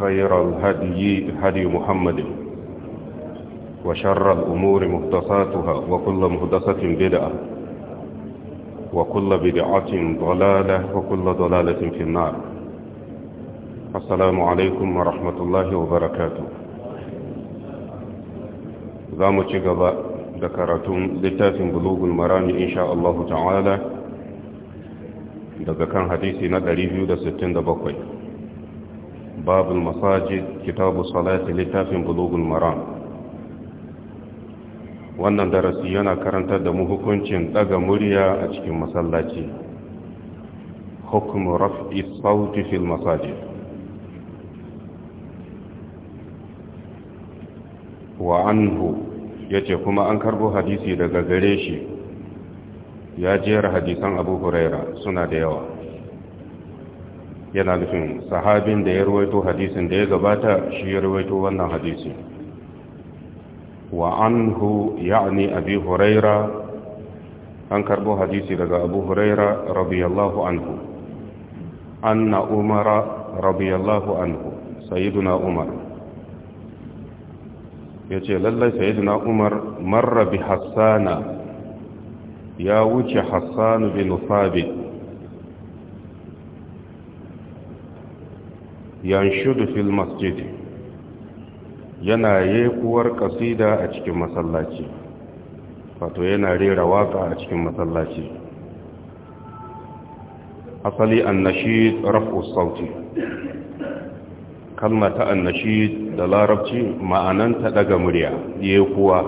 خير الهدي هدي محمد وشر الأمور مهدساتها وكل مهدسة بدعة وكل بدعة ضلالة وكل ضلالة في النار السلام عليكم ورحمة الله وبركاته زامو mu ci gaba بلوغ karatun إن شاء الله تعالى Allah ta'ala daga kan hadisi na 267 باب المساجد كتاب الصلاة لتاف بلوغ المرام wannan darasi yana karantar da mu hukuncin daga murya a cikin masallaci hukumu raf'i sauti fil masajid wa anhu ya yace kuma an karbo hadisi daga gare shi ya jera hadisan Abu Huraira suna da yawa yana nufin sahabin da ya ruwaito hadisin da ya gabata shi ya ruwaito wannan hadisi wa anhu ya'ni abi huraira an karbo hadisi daga abu huraira radiyallahu anhu anna umara radiyallahu anhu sayyiduna umar Ya ce lallai sayyiduna umar marra bi hassana ya wuce hassanu bin thabit yanshudu fil masjid yana yekuwar kasida a cikin masallaci wato yana rera waka a cikin masallaci asali annashid raf'u sauti kalma ta annashid da larabci ma'ananta daga murya yekuwa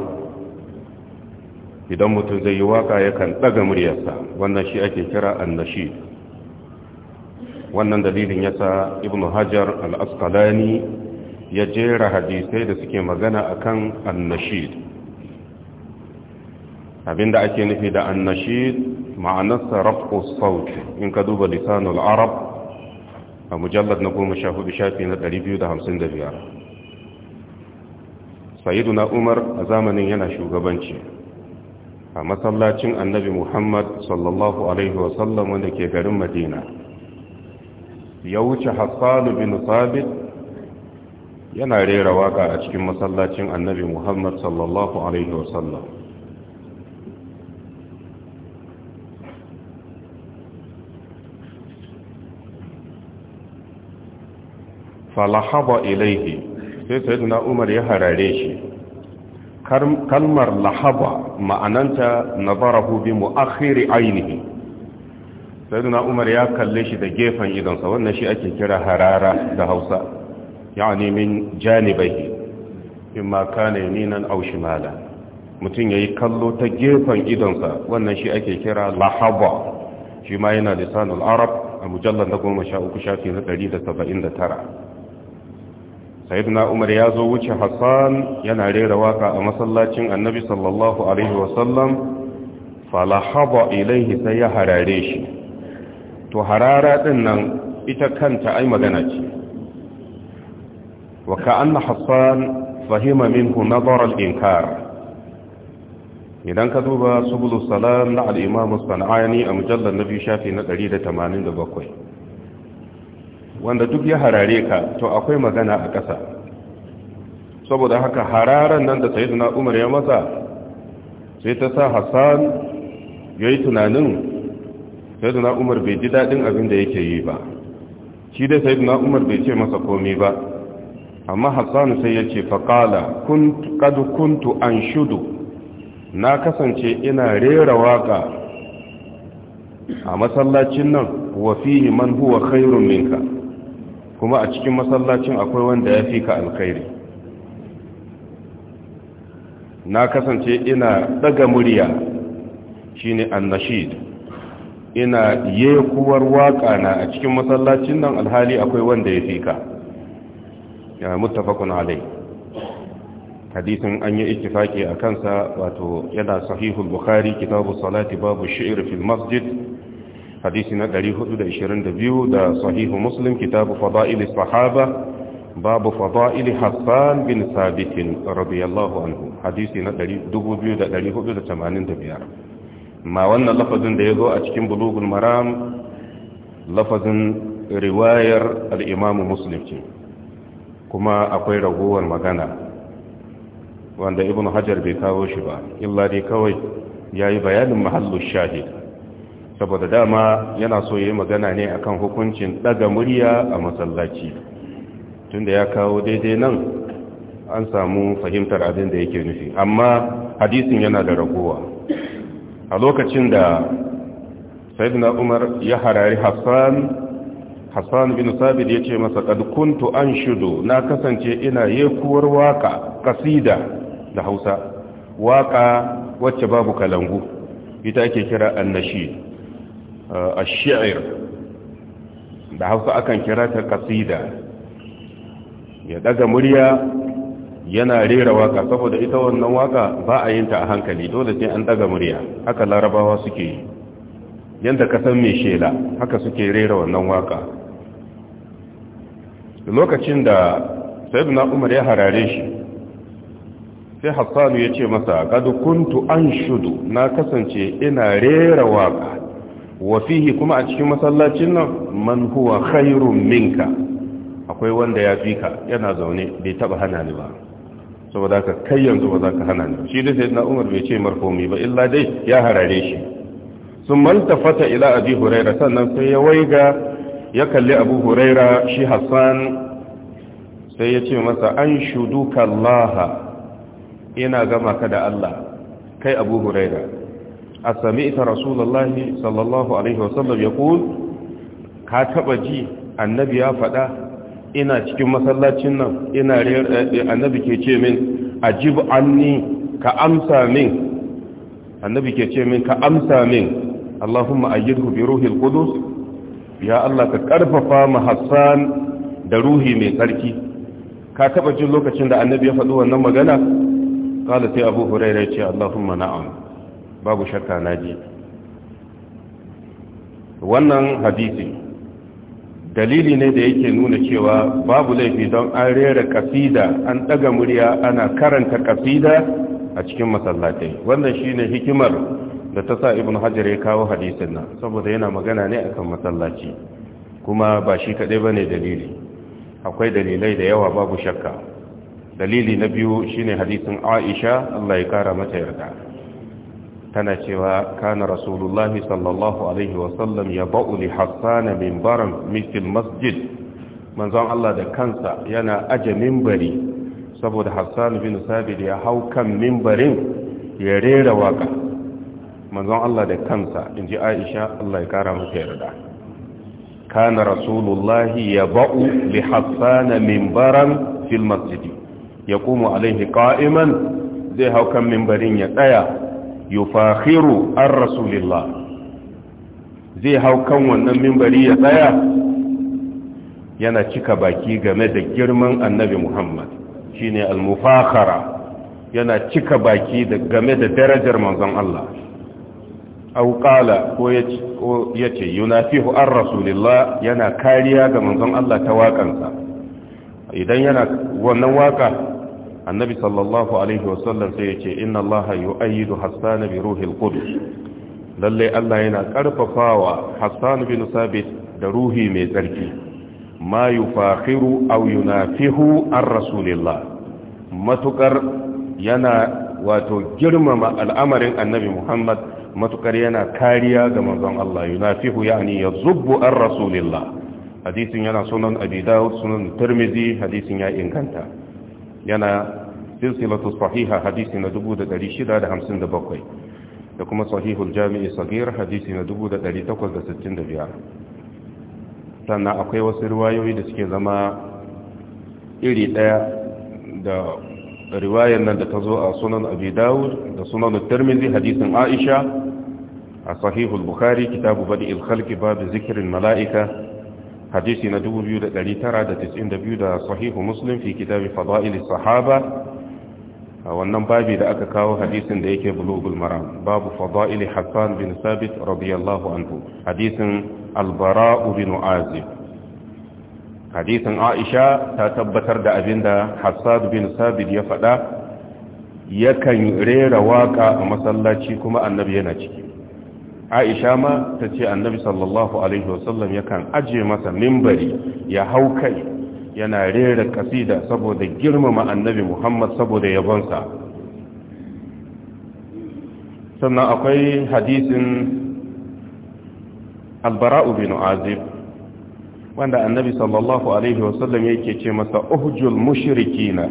idan mutum zai yi waka yakan daga muryarsa wannan shi ake kira annashid wannan dalilin yasa ibnu hajar al-asqalani ya jera hadisai da suke magana akan annashid abinda ake nufi da annashid ma'anarsa rafqu sawt in ka duba lisanul arab a mujallad na 14 shafi na 255 sayiduna umar a zamanin yana shugabanci a masallacin annabi muhammad sallallahu alaihi wasallam wanda ke garin madina ya wuce hassanu bin sabit yana rera waka a cikin masallacin annabi muhammad sallallahu alaihi wasallam falahaba ilaihi sai na umar ya harare shi kalmar lahaba ma'ananta nazarahu bi mu'akhiri ainihi sayyiduna umar ya kalle shi da gefen idonsa wannan shi ake kira harara da hausa yani min janibai imma kana nan aushi shimala mutum yayi kallo ta gefen idonsa wannan shi ake kira lahaba shi ma yana lisanul arab a mujallar na goma sha uku shafi na dari da saba'in da tara sayyiduna umar ya zo wuce hassan yana rera waka a masallacin annabi sallallahu alaihi wasallam falahaba ilaihi sai ya harare shi to harara din nan ita kanta ai magana ce wa ka'anna hassan fahima minhu nazar al-inkar idan ka duba subulus salam na al-imam as-sanani a mujallal nabi shafi na 187 wanda duk ya harare ka to akwai magana a ƙasa saboda haka hararan nan da sayyidina umar ya masa sai ta sa hassan yayi tunanin sayyidina umar bai ji daɗin abin da yake yi ba shi dai sayyidina umar bai ce masa komi ba amma hassanu sai ya ce faƙala ƙadu kuntu an shudu. na kasance ina rera waka a masallacin nan wa fihi man huwa khairun minka kuma a cikin masallacin akwai wanda ya fi ka alkhairi na kasance ina daga murya shine annashid ina yekuwar waƙa na a cikin masallacin nan alhali akwai wanda ya fi ka ya muttafaqun alai hadisin an yi ittifaki a kansa wato yana sahihul bukhari kitabu salati babu shi'r fil masjid hadisi na 422 da sahihu muslim kitabu fada'il sahaba babu fada'il hassan bin sabit radiyallahu anhu hadisi na 2485 ma wannan lafazin da ya zo a cikin bulugul maram lafazin riwayar al'imamu muslim ce kuma akwai ragowar magana wanda ibn hajar bai kawo shi ba illa dai kawai ya yi bayanin mahallu shahid saboda dama yana so yi magana ne akan hukuncin ɗaga murya a masallaci tunda ya kawo daidai nan an samu fahimtar abin da yake nufi amma hadisin yana da ragowa a lokacin da sayyidina umar ya harari hassan hassan bin sabid ya ce masa kad kuntu anshudu na kasance ina yekuwar waka kasida da hausa waka wacce babu kalangu ita ake kira annashi uh, A shir da hausa akan kira ta kasida ya daga murya yana rera waka saboda ita wannan waka ba a yin ta a hankali dole sai an daga murya haka larabawa suke yi yanda ka san mai shela haka suke rera wannan waka lokacin da na umar ya harare shi sai hassanu ya ce masa kad kuntu anshudu na kasance ina rera waka wa kuma a cikin masallacin nan man huwa khairun minka akwai wanda ya fi ka yana zaune bai taba hana ni ba saboda ka kai yanzu ba za ka hana ni shi da sayyidina Umar bai ce markomi ba illa dai ya harare shi sun maltafata ila abi huraira sannan sai ya waiga ya kalli abu huraira shi Hassan sai ya ce masa an shuduka Allah ina gama ka da Allah kai abu huraira a sami ita rasulallahi sallallahu alaihi wasallam ya ka taba ji annabi ya faɗa ina cikin masallacin nan ina eh, annabi ke ce min ajib anni ka amsa min annabi ke ce min ka amsa min Allahumma ayyidhu bi ruhil qudus ya Allah ka karfafa mu Hassan da ruhi mai tsarki ka taba jin lokacin da annabi ya faɗi wannan magana kala sai Abu Hurairah ya ce Allahumma na'am babu shakka naji wannan hadisi dalili ne da yake nuna cewa babu laifi don an rera kasida an daga murya ana karanta kasida a cikin masallatai wannan shine hikimar da ta sa ibn hajar ya kawo hadisin nan saboda yana magana ne akan masallaci kuma ba shi kaɗai bane dalili akwai dalilai da yawa babu shakka dalili na biyu shine hadisin aisha allah ya kara mata yarda tana cewa kana rasulullahi sallallahu alaihi wasallam ya ba'u li hassana min baran masjid manzon Allah da kansa yana aje mimbari saboda hassan bin sabid ya hau kan mimbarin ya rera waka manzon Allah da kansa in ji aisha Allah ya kara masa yarda kana rasulullahi ya ba'u li hassana min baran fil masjid ya alaihi qa'iman zai hau kan mimbarin ya tsaya yufakhiru an rasulillah zai hau kan wannan mimbari ya tsaya yana cika baki game da girman annabi muhammad shine al-mufakhara yana cika baki game da darajar manzon Allah au qala ko yace yunafihu rasulillah yana kariya ga manzon Allah ta waƙansa idan yana wannan waƙa. annabi sallallahu alaihi wasallam sai ya ce inna allaha yu'ayyidu hassan bi ruhil qudus lalle Allah yana karfafawa hassan bin sabit da ruhi mai tsarki ma yufakhiru aw yunafihu ar rasulillah matukar yana wato girmama al'amarin annabi Muhammad matukar yana kariya ga manzon Allah yunafihu yani yazubbu ar rasulillah hadisin yana sunan abi dawud sunan tirmizi hadisin ya inganta yana silsilatu sahiha hadisi na 657 da kuma sahihul jami'i sagir hadisi na 1865 sannan akwai wasu riwayoyi da suke zama iri daya da riwayar nan da ta zo a sunan abi dawud da sunan tirmidhi hadisin aisha a sahihul bukhari kitabu badi'il khalqi babu zikirin mala'ika hadisi na 2992 da sahihu muslim fi kitabi fada'il sahaba a wannan babi da aka kawo hadisin da yake bulugul maram babu fada'il hassan bin sabit radiyallahu anhu hadisin albara'u bin hadisin aisha ta tabbatar da abinda hassan bin sabit ya faɗa yakan rera waka a masallaci kuma annabi yana ciki aisha ma ta ce annabi sallallahu alaihi wasallam yakan aje masa mimbari ya hau kai yana rera kasida saboda girmama annabi muhammad saboda yabonsa sannan akwai hadisin albara'u bin azib wanda annabi sallallahu alaihi wasallam yake ce masa uhjul mushrikina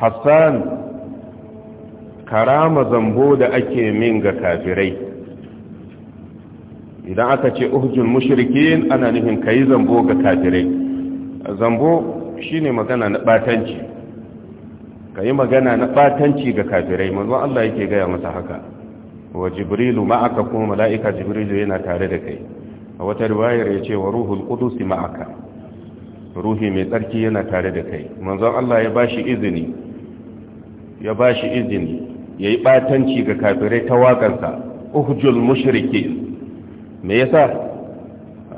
hassan karama zambo da ake min ga kafirai idan aka ce uhjul mushrikin ana nufin kai zambo ga kafirai zambo shine magana na batanci kai magana na batanci ga kafirai manzo Allah yake gaya masa haka wa jibrilu ma'aka kuma mala'ika jibrilu yana tare da kai a wata riwayar ya ce wa ruhul qudus ma'aka ruhi mai tsarki yana tare da kai manzon Allah ya bashi izini ya bashi izini yayi batanci ga kafirai ta wakarsa uhjul mushrikin me yasa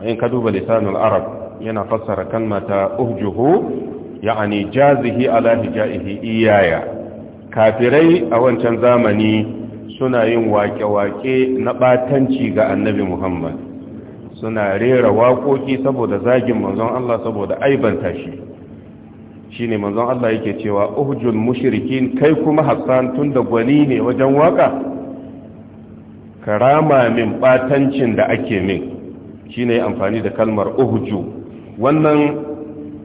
in ka duba lisanul arab yana fassara kalmata uhjuhu ya'ani jazihi ala hijaihi iyaya kafirai a wancan zamani suna yin wake-wake na batanci ga annabi muhammad suna rera waƙoƙi saboda zagin manzon Allah saboda aibanta shi shine manzon Allah yake cewa uhjul mushrikin kai kuma hassan tunda gwani ne wajen waka ka rama min batancin da ake min shine amfani da kalmar uhju wannan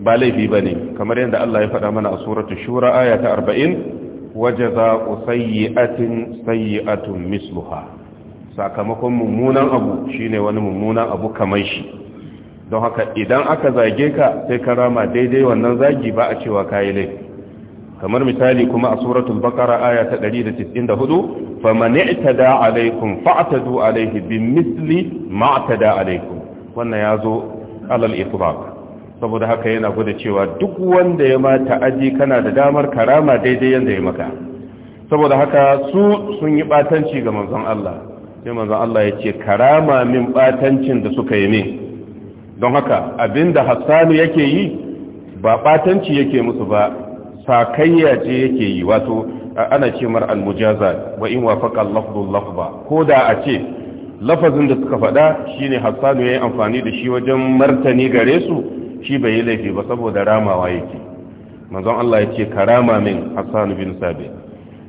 ba laifi bane kamar yadda Allah ya faɗa mana a suratu shura aya ta 40 atin sayi sayyi'atun misluha sakamakon mummunan abu shine wani mummunan abu kamar shi don haka idan aka zage ka sai ka rama daidai wannan zagi ba a cewa kayi laifi kamar misali kuma a suratul baqara aya ta 194 faman i'tada alaikum fa'tadu alaihi misli ma i'tada alaikum wannan yazo alal itlaq saboda haka yana gwada cewa duk wanda ya mata aji kana da damar karama daidai yanda ya maka saboda haka su sun yi batanci ga manzon Allah sai manzon Allah ya ce karama min batancin da suka yi min don haka abinda hassanu yake yi ba batanci yake musu ba sakayya ce yake yi wato ana ce mar mujaza, wa in wafaqa lafdul lafza ko da a ce lafazin da suka faɗa shine hassanu yi amfani da shi wajen martani gare su shi bai yi laifi ba saboda ramawa yake manzon Allah yake karama min hassanu bin sabe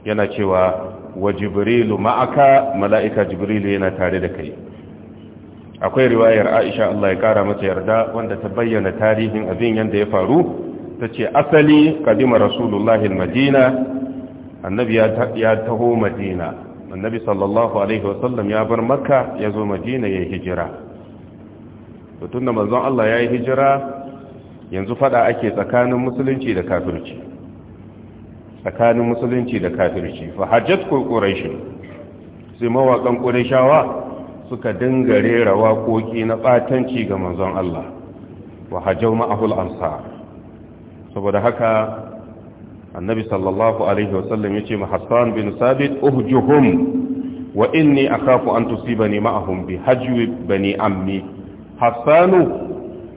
yana cewa wa jibrilu ma'aka mala'ika jibrilu yana tare da kai akwai riwayar Aisha Allah ya kara mata yarda wanda ta bayyana tarihin abin yanda ya faru ta ce asali kadima rasulullahi madina annabi ya taho madina annabi sallallahu alaihi wasallam ya bar makka ya zo madina ya hijira tun da manzon Allah ya yi hijira yanzu fada ake tsakanin musulunci da kafirci tsakanin musulunci da kafirci fa hajjat quraish sai mawakan qurayshawa suka dinga rera waƙoƙi na batanci ga manzon Allah wa hajjau ma'ahul ansar saboda haka annabi sallallahu alaihi wasallam ya ce ma hassan bin sabit uhjuhum wa inni akhafu an tusibani ma'ahum bi hajwi bani ammi hassanu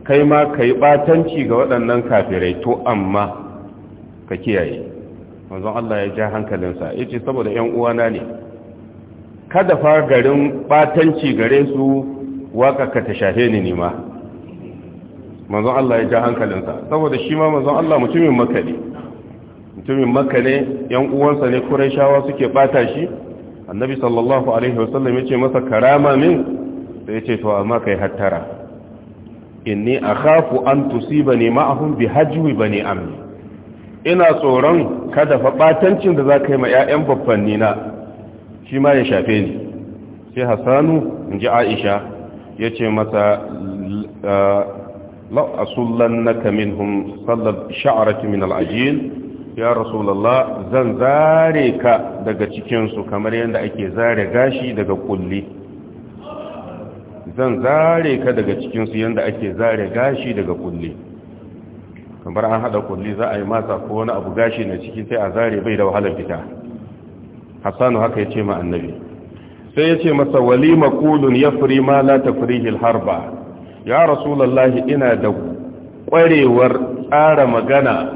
kai ma kai batanci ga waɗannan kafirai to amma ka kiyaye manzon Allah ya ja hankalinsa yace saboda ƴan uwana ne kada fa garin batanci gare su waka ka ta shahe ni ne ma manzon Allah ya ja hankalinsa saboda shi ma manzon Allah mutumin makka ne mutumin makka ne yan uwansa ne qurayshawa suke bata shi annabi sallallahu alaihi wasallam yace masa karama min sai yace to amma kai hattara inni akhafu an tusibani ma'ahum bi hajwi bani ammi ina tsoron kada fa batancin da zaka yi ma ƴaƴan babbanni na shi ma ya shafe ni sai hasanu inji aisha yace masa lau asullannaka minhum sallab sha'arati min al'ajil ya rasulullah zan zare ka daga cikinsu kamar yadda ake zare gashi daga kulli zan zare ka daga cikinsu yadda ake zare gashi daga kulli kamar an haɗa kulli za a yi masa ko wani abu gashi na ciki sai a zare bai da wahalar fita hassanu haka ya ce ma annabi sai ya ce masa walima kulun ya firi ma la ta firi harba ya rasulallahi ina da kwarewar tsara magana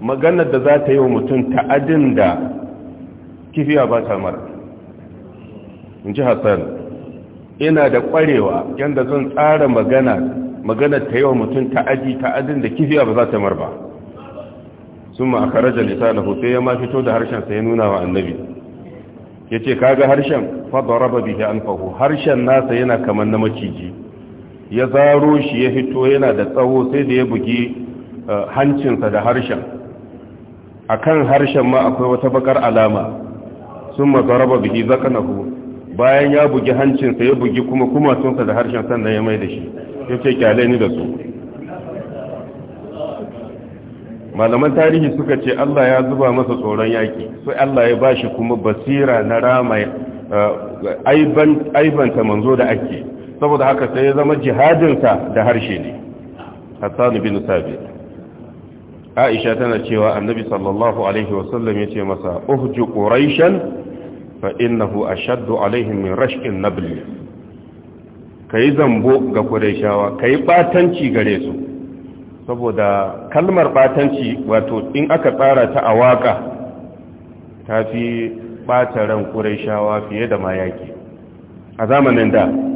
maganar da za ta yi wa mutum ta'adin da kifiya ba ta mara in ji hassan ina da kwarewa yadda zan tsara magana maganar ta yi wa mutum ta'adi ta'adin da kifiya ba za ta mara ba sun ma a karajar na hoto, ya ma fito da sai ya nuna wa annabi ya ce kaga harshen fadda raba an alfahu harshen nasa yana kamar na maciji ya zaro shi ya fito yana da tsawo sai da ya bugi eh, hancinsa da harshen a kan harshen ma akwai wata bakar alama sun mazaraba biki zakanahu bayan ya bugi hancinsa ya bugi kuma kuma sunsa da harshen sannan ya mai da shi ya ce kyale ni da su malaman tarihi suka ce Allah ya zuba masa tsoron yaki sai Allah ya ba shi kuma basira na rama eh, aibanta manzo da ake saboda haka sai ya zama jihadinsa da harshe ne hassan bin sabit aisha tana cewa annabi sallallahu alaihi wasallam ya ce masa uhju quraishan fa innahu ashaddu alaihim min rashqin nabl kai zambo ga quraishawa kai batanci gare su saboda kalmar batanci wato in aka tsara ta a waƙa, ta fi bata ran quraishawa fiye da mayaki a zamanin da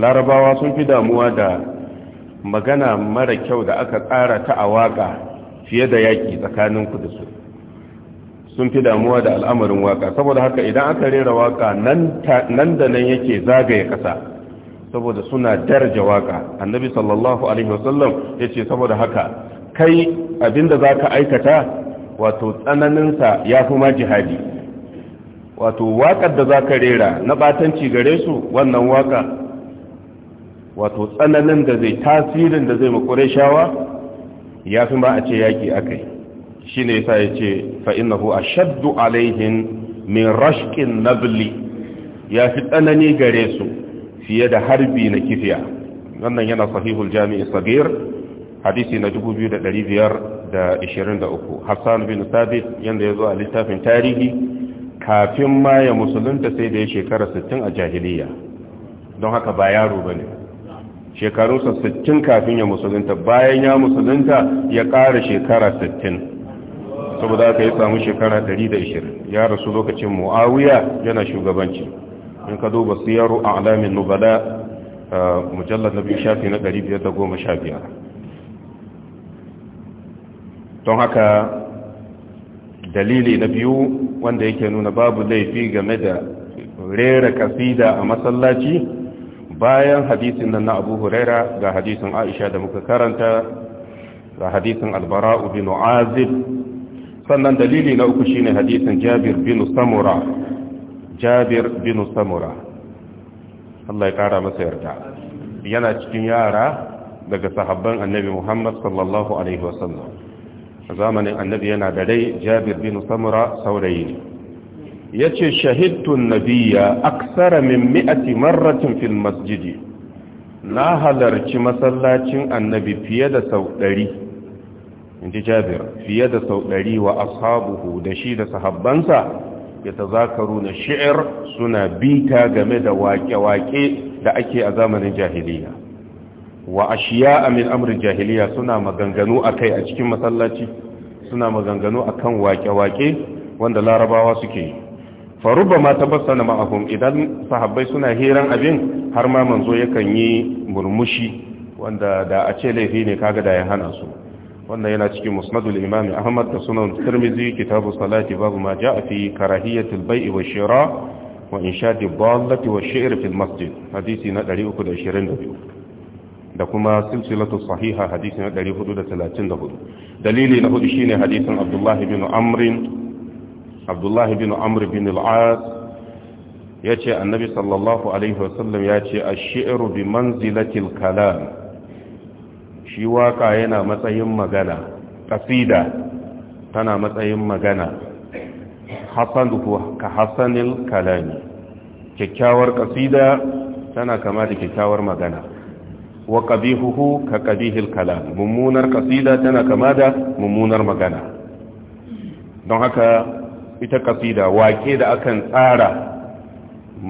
larabawa sun fi damuwa da magana mara kyau da aka tsara ta a waka fiye da yaƙi tsakaninku da su sun fi damuwa da al'amarin waka saboda haka idan aka rera waka nan da nan yake zagaye ƙasa saboda suna daraja waka annabi sallallahu alaihi wasallam ya ce saboda haka kai abinda za ka aikata wato tsananinsa ya fi ma jihadi wato waƙar da za ka rera na batanci gare su wannan waƙa wato tsananin da zai tasirin da zai makure shawa ya fi ma a ce yaƙi aka yi shi ne yasa ya ce fa'inahu a shaddu alaihin min rashkin nabli ya fi tsanani gare su fiye da harbi na kifiya wannan yana sahihul jami'in sabir hadisi na 2523 hassan bin sabit yadda ya zo a littafin tarihi kafin ma ya musulunta sai da ya shekara 60 a jahiliya don haka ba yaro ba ne shekaru 60 kafin ya musulunta bayan ya musulunta ya ƙara shekara 60 saboda aka yi samun shekara 120 ya rasu lokacin mu'awiya yana shugabanci in ka duba siyaru a alamin nubala mujallar na biyu shafi na 515 don haka dalili na biyu wanda yake nuna babu laifi game da rera kasida a masallaci bayan hadisin nan na abu huraira ga hadisin aisha da muka karanta ga hadisin albara'u bin azib sannan dalili na uku shine hadisin jabir bin samura jabir bin samura Allah ya kara masa yarda yana cikin yara daga sahabban annabi Muhammad sallallahu alaihi wasallam zamanin annabi yana da rai jabir bin samura saurayi ne ce shahidtun nabiya aksara min mi'ati marratin fil masjidi na halarci masallacin annabi fiye da sau ɗari jabir fiye da sau ɗari wa ashabuhu da shi da sahabbansa ya tazakaru na shi'ir suna bita game da waƙe-waƙe da ake a zamanin jahiliya wa ashiya min amrin jahiliya suna maganganu kai a cikin masallaci suna maganganu kan waƙe-waƙe wanda larabawa suke yi faruba ma tabassana ma'ahum idan sahabbai suna hiran abin har ma manzo yakan yi murmushi wanda da a ce laifi ne kaga da ya hana su wannan yana cikin musnadul imami ahmad da sunan tirmizi kitabu salati babu ma ja'a fi karahiyatil bai'i wa shira wa inshadi dallati wa shi'r fil masjid hadisi na 322 da kuma silsilatu sahiha hadisi na 434 dalili na hudu shine hadisin abdullah ibn amr abdullahi bin amr bin al'ad ya ce annabi sallallahu alaihi wasallam ya ce a shi'iru bi manzilatil kalam shi waka yana matsayin magana kasida tana matsayin magana hasanuhu ka hasanil kalami kyakkyawar kasida tana kama da kyakkyawar magana wa qabihuhu ka qabihil kalam mummunar kasida tana kama da mummunar magana don haka ita kafida wake da akan tsara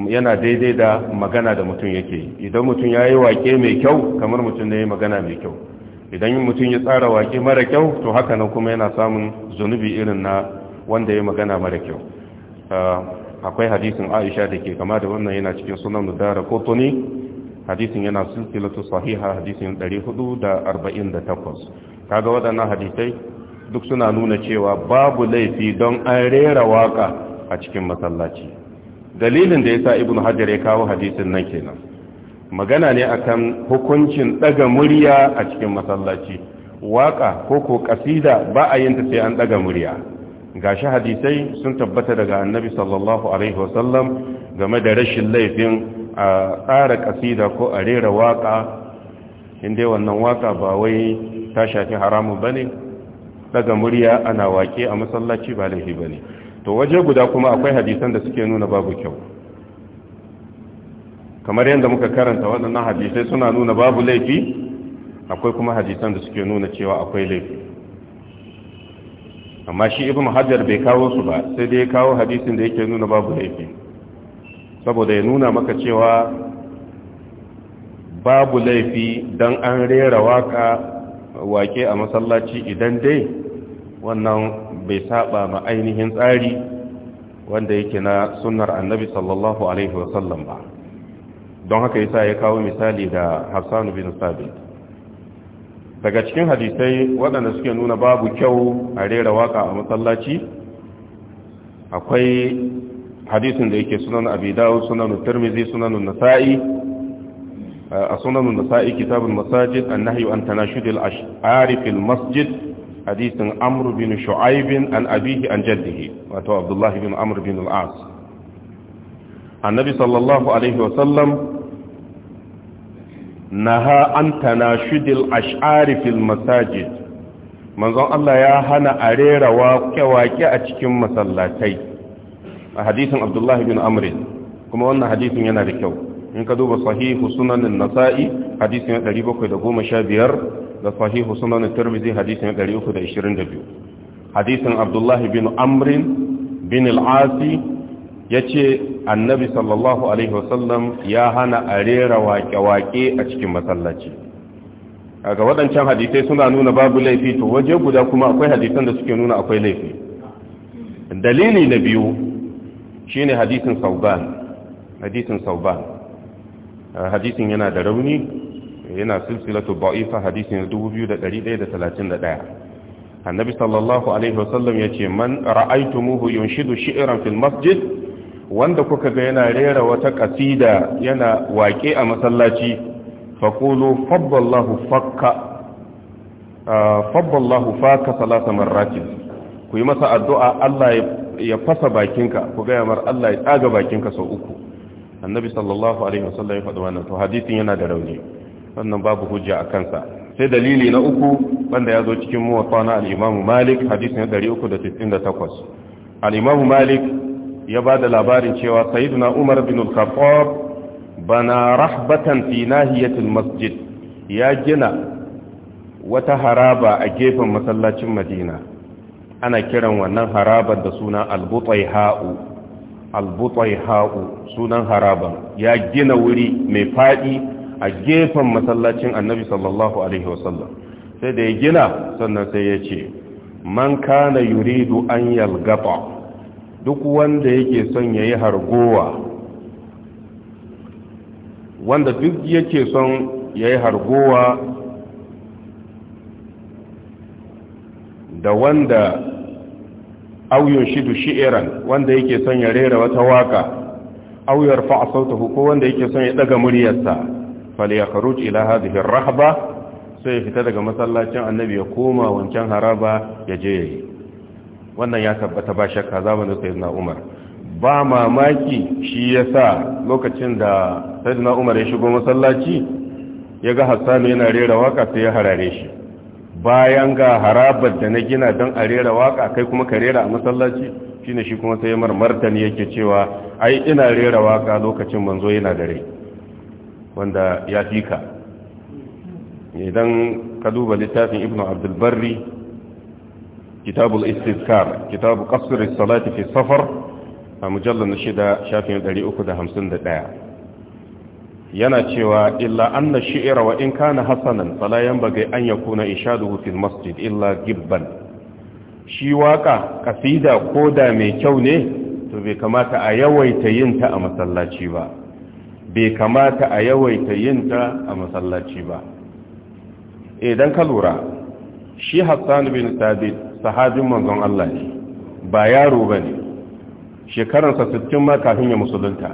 yana daidai da magana da mutum yake idan mutum ya yi wake mai kyau kamar mutum ne magana mai kyau idan mutum ya tsara wake mara kyau to haka nan kuma yana samun zunubi irin na wanda ya magana mara kyau ah, akwai hadisin aisha da ke kama da wannan yana cikin sunan da kotuni hadisin yana filatu sahiha hadisin 448 kaga waɗannan hadisai duk suna nuna cewa babu laifi don an rera waka a cikin masallaci dalilin da ya sa Ibn hajar ya kawo hadisin nan kenan magana ne akan hukuncin daga murya a cikin masallaci waka ko ko kasida ba a yin ta sai an daga murya gashi hadisai sun tabbata daga annabi sallallahu alaihi wasallam game da rashin laifin a tsara kasida ko a rera waka inda wannan waka ba wai ta shafi haramu bane daga murya ana wake a masallaci ba laifi ba ne to waje guda kuma akwai hadisan da suke nuna babu kyau kamar yadda muka karanta waɗannan hadisai suna nuna babu laifi akwai kuma hadisan da suke nuna cewa akwai laifi amma shi ibn hajar bai kawo su ba sai dai ya kawo hadisin da yake nuna babu laifi saboda ya nuna maka cewa babu laifi don an rera waka wake a masallaci idan dai wannan bai saba ma ainihin tsari wanda yake na sunnar annabi sallallahu alaihi wasallam ba don haka yasa ya kawo misali da Hassan bin Sabit daga cikin hadisai waɗanda suke nuna babu kyau a rera waka a masallaci akwai hadisin da yake sunan Abi Dawud sunan Tirmidhi sunan Nasa'i a sunan Nasa'i kitabul masajid an-nahyu an tanashud al masjid hadisin amr bin Shu'aibin an abihi an jaddihi wato abdullahi bin amr bin al-as annabi sallallahu alaihi wa sallam naha an tanashudil ash'ari fil masajid manzon Allah ya hana a rera waƙe-waƙe a cikin masallatai a hadisin abdullahi bin amr kuma wannan hadisin yana da kyau in ka duba sahihu sunanin nasa'i hadisin 715 da sahihu sunan tirmidhi hadisin 322 hadisin abdullah bin amr bin al-asi yace annabi sallallahu alaihi wasallam ya hana arera waƙe-waƙe a cikin masallaci kaga waɗancan hadisai suna nuna babu laifi to waje guda kuma akwai hadisan da suke nuna akwai laifi dalili na biyu shine hadisin sauban hadisin sauban hadisin yana da rauni yana silsilatu da'ifa hadisin 2131 annabi sallallahu alaihi wasallam yace man ra'aytumuhu yunshidu shi'ran fil masjid wanda kuka ga yana rera wata kasida yana waƙe a masallaci faqulu fadallahu fakka fadallahu fakka salasa marratin ku yi masa addu'a Allah ya fasa bakinka ku ga yamar Allah ya tsaga bakinka sau uku annabi sallallahu alaihi wasallam ya faɗi wannan to hadisin yana da rauni wannan babu hujja a kansa sai dalili na uku wanda ya zo cikin muwatta na al'imamu malik hadisi na 368 al'imamu malik ya ba da labarin cewa sayiduna umar bin al-khattab bana rahbatan fi nahiyatil masjid ya gina wata haraba a gefen masallacin madina ana kiran wannan harabar da suna al-butayha'u al-butayha'u sunan haraban ya gina wuri mai fadi a gefen masallacin annabi sallallahu alaihi wasallam sai da ya gina sannan sai ya ce man kana yuridu an yalgaba duk wanda yake son ya yi hargowa wanda duk yake son ya yi hargowa da wanda auyun shidu shi'iran wanda yake son ya rera wata waka auyar fa'asautahu ko wanda yake son ya daga muryarsa فليخرج الى هذه الرحبه rahba sai fita daga masallacin annabi ya koma wancan haraba ya je yayi wannan ya tabbata ba shakka zamanin sayyidina Umar ba mamaki shi yasa lokacin da sayyidina Umar ya shigo masallaci ya ga Hassan yana rera waka sai ya harare shi bayan ga harabar da na gina don a rera waka kai kuma ka rera a masallaci shine shi kuma sai marmartani yake cewa ai ina rera waka lokacin manzo yana da rai wanda ya fi ka idan ka duba littafin ibn abdulbarri kitabul istizkar kitabu qasr salati fi safar a mujallar na shida shafin 351 yana cewa illa anna shi'ra wa in kana hasanan fala yanbaghi an yakuna ishaduhu fil masjid illa gibban shi waka kasida da mai kyau ne to bai kamata a yawaita yin ta a masallaci ba bai kamata a yawaita yin ta a masallaci ba idan ka lura shi hassan bin sabit sahabin manzon Allah ne ba yaro ba ne shekaransa 60 ma kafin ya musulunta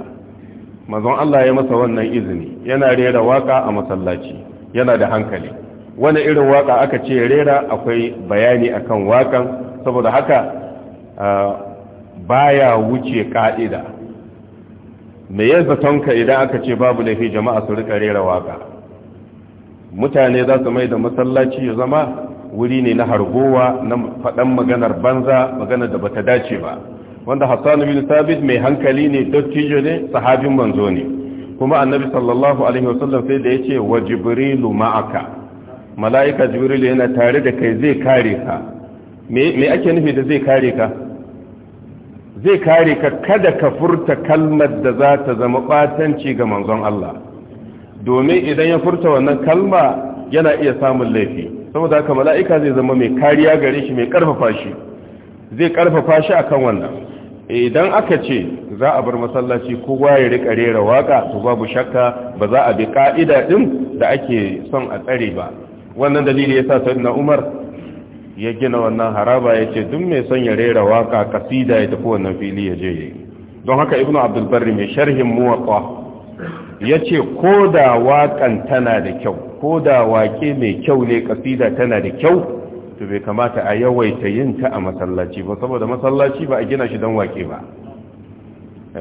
manzon Allah ya masa wannan izini yana rera waka a masallaci yana da hankali wani irin waka aka ce rera akwai bayani akan wakan saboda haka ah, baya wuce ka'ida me ya zatonka idan aka ce babu laifi jama'a su rika rera waka mutane za su mai da masallaci ya zama wuri ne na hargowa na faɗan maganar banza maganar da bata dace ba wanda hassan bin sabit mai hankali ne dattijo ne sahabin manzo ne kuma annabi sallallahu alaihi wasallam sai da ya ce wa jibrilu ma'aka mala'ika jibrilu yana tare da kai zai kare ka me ake nufi da zai kare ka zai kare ka kada ka furta kalmar da za ta zama batanci ga manzon Allah domin idan ya furta wannan kalma yana iya samun laifi saboda haka mala'ika zai zama mai kariya gare shi mai karfafa shi zai karfafa shi akan wannan idan aka ce za a bar masallaci kowa ya rika rera waka to babu shakka ba za a bi ka'ida din da ake son a tsare ba wannan dalili yasa sayyidina Umar ya gina wannan haraba ya ce duk mai son ya rera waka kasida ya tafi wannan fili ya je ya yi don haka ibnu abdulbarri mai sharhin muwaƙwa ya ce ko da waƙan tana da kyau ko da waƙe mai kyau ne kasida tana da kyau to bai kamata a yawaita yin ta a masallaci ba saboda masallaci ba a gina shi don waƙe ba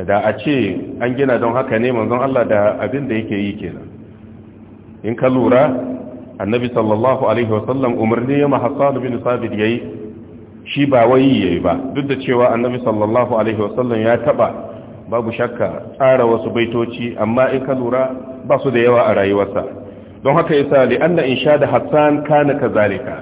da a ce an gina don haka ne manzon Allah da abin da yake yi kenan in ka lura annabi sallallahu alaihi wasallam umarni ya mahassan bin sabit yayi shi ba wayi yayi ba duk da cewa annabi sallallahu alaihi wasallam ya taba babu shakka tsara wasu baitoci amma in ka lura ba su da yawa a rayuwarsa don haka yasa li anna insha da hassan kana kazalika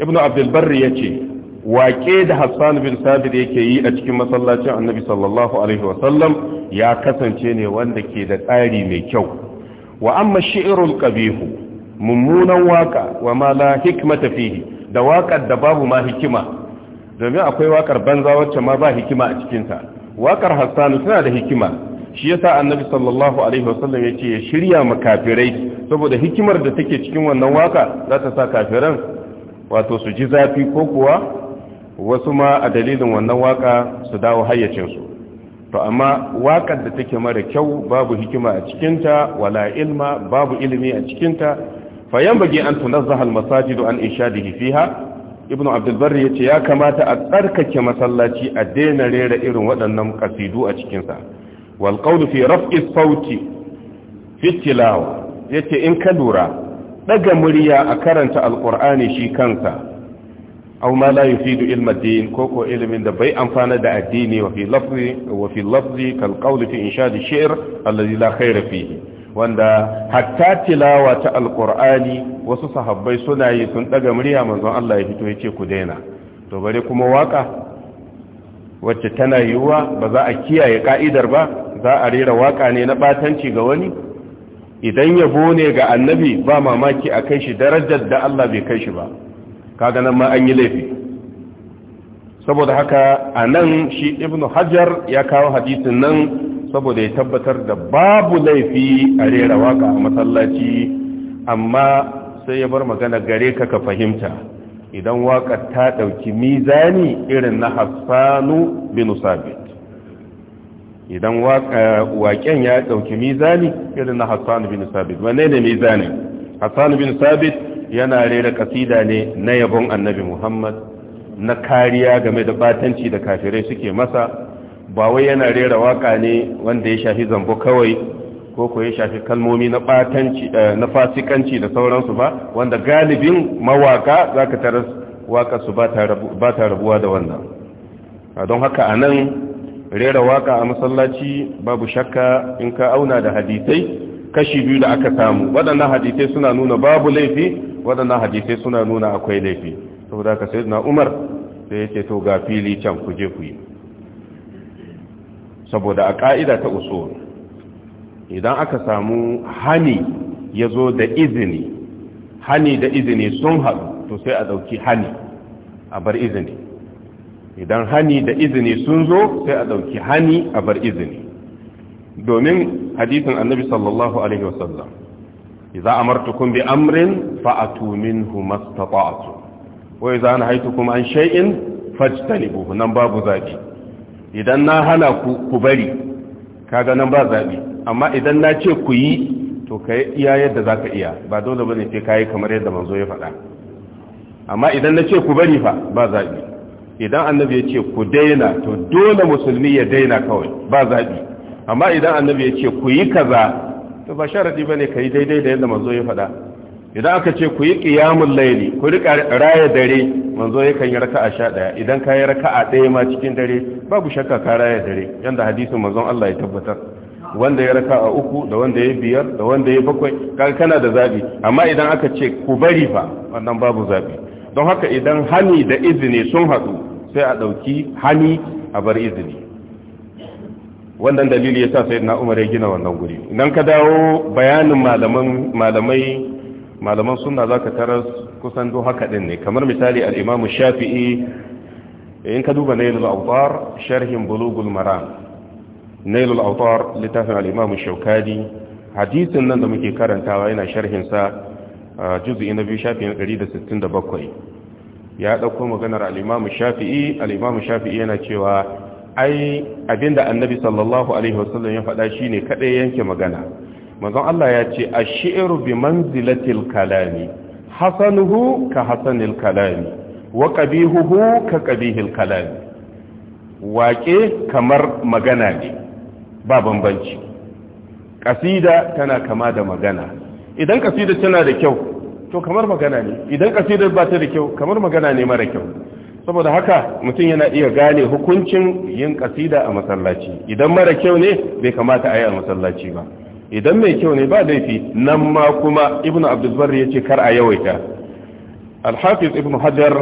ibnu abdul barri yace waƙe da hassan bin sabit yake yi a cikin masallacin annabi sallallahu alaihi wasallam ya kasance ne wanda ke da tsari mai kyau wa amma shi'irul qabihu mummunan waka wa ma la hikmata fihi da wakar da babu ma hikima domin akwai wakar banza wacce ma ba hikima a cikinta wakar hassanu tana da hikima shi yasa annabi sallallahu alaihi wasallam ya ya shirya ma kafirai saboda hikimar da take cikin wannan waka za ta sa kafiran wato su ji zafi ko kuwa wasu ma a dalilin wannan waka su dawo hayyacinsu to amma wakar da take mara kyau babu hikima a cikinta wala ilma babu ilimi a cikinta fayambage an tunazzaha almasajidu an ishadihi fiha ibnu abdul barri yace ya kamata a tsarkake masallaci a daina rera irin waɗannan kasidu a cikin sa wal qawlu fi raf'i sauti fi tilawa yace in ka lura daga murya a karanta alqur'ani shi kansa aw ma la yufidu ilma din ko ko ilimin da bai amfana da addini wa fi lafzi wa fi lafzi kal qawli fi inshadi shi'r alladhi la khayra fihi wanda hatta tilawa ta alkur'ani wasu sahabbai suna yi sun daga murya manzon Allah ya fito ya ce ku daina to bare kuma waka wacce tana yiwuwa ba za a kiyaye ka'idar ba za a rera waka ne na batanci ga wani idan yabo ne ga annabi ba mamaki a kai shi darajar da Allah bai kai shi ba kaga nan ma an yi laifi saboda haka anan shi ibnu hajar ya kawo hadisin nan saboda ya tabbatar da babu laifi a rera waka a masallaci amma sai ya bar magana gare ka ka fahimta idan waka ta ɗauki mizani irin na hassanu bin sabit idan waƙen ya ɗauki mizani irin na hassanu bin sabit wane ne mizani hassanu bin sabit yana rera ƙasida ne na yabon annabi muhammad na kariya game da batanci da kafirai suke masa ba wai yana rera waka ne wanda ya shafi zambo kawai ko ko ya shafi kalmomi na batanci eh, na fasikanci da sauransu ba wanda galibin mawaka zaka taras waka su ba ta rabuwa da wannan don haka anan rera waka a masallaci babu shakka in ka auna da hadisai kashi biyu da aka samu waɗannan hadisai suna nuna babu laifi waɗannan hadisai suna nuna akwai laifi saboda ka sai na umar sai yake to ga fili can ku je ku yi saboda a ƙa'ida ta usul idan aka samu hani ya zo da izini hani da izini sun haɗu to sai a ɗauki hani a bar izini idan hani da izini sun zo sai a ɗauki hani a bar izini domin hadisin annabi sallallahu alaihi wasallam idza kun bi amrin fa'atu minhu mastata'tu wa haitu kuma an shaiin fajtanibuhu nan babu zafi. idan na hana ku ku bari kaga nan ba zabi amma idan na ce ku yi to ka iya yadda za ka iya ba dole ba ne ce ka yi kamar yadda manzo ya faɗa amma idan na ce ku bari fa ba zaɓi idan annabi ya ce ku daina to dole musulmi ya daina kawai ba zaɓi amma idan annabi ya ce ku yi kaza to ba sharadi ba ne ka yi daidai da yadda manzo ya faɗa idan aka ce ku yi ƙiyamun laili, ku rika raya dare manzo yakan yi sha ɗaya. idan ka yi a ɗaya ma cikin dare babu shakka ka raya dare yanda hadisin manzon Allah ya tabbatar wanda ya a uku da wanda ya biyar da wanda ya bakwai kaga kana da zabi amma idan aka ce ku bari fa wannan babu zabi don haka idan hani da izini sun haɗu sai a ɗauki hani a bar izini wannan dalili yasa sai na umar ya gina wannan guri idan ka dawo bayanin malamai malaman suna za ka tarar kusan do haka din ne kamar misali al Shafi'i in ka duba Nailul Autar sharhin Bulugul Maram Nailul Autar littafin al-Imam Shawkani hadisin nan da muke karantawa yana sharhinsa, sa juz'i na biyu shafin 167 ya ɗauko maganar al Shafi'i al Shafi'i yana cewa ai abinda Annabi sallallahu alaihi wasallam ya faɗa shine kada yanke magana manzon Allah ya ce ash-shi'ru bi manzilatil kalami hasanuhu ka hasanil kalami wa qabihuhu ka qabihil kalami waƙe kamar magana ne ba bambanci ƙasida tana kama da magana idan ƙasida tana da kyau to kamar magana ne idan ƙasidar ba ta da kyau kamar magana ne mara kyau saboda haka mutum yana iya gane hukuncin yin ƙasida a masallaci idan mara kyau ne bai kamata a yi a masallaci ba idan mai kyau ne ba laifi nan ma kuma ibn abdulbar ya ce kar a yawaita alhafiz ibn hajar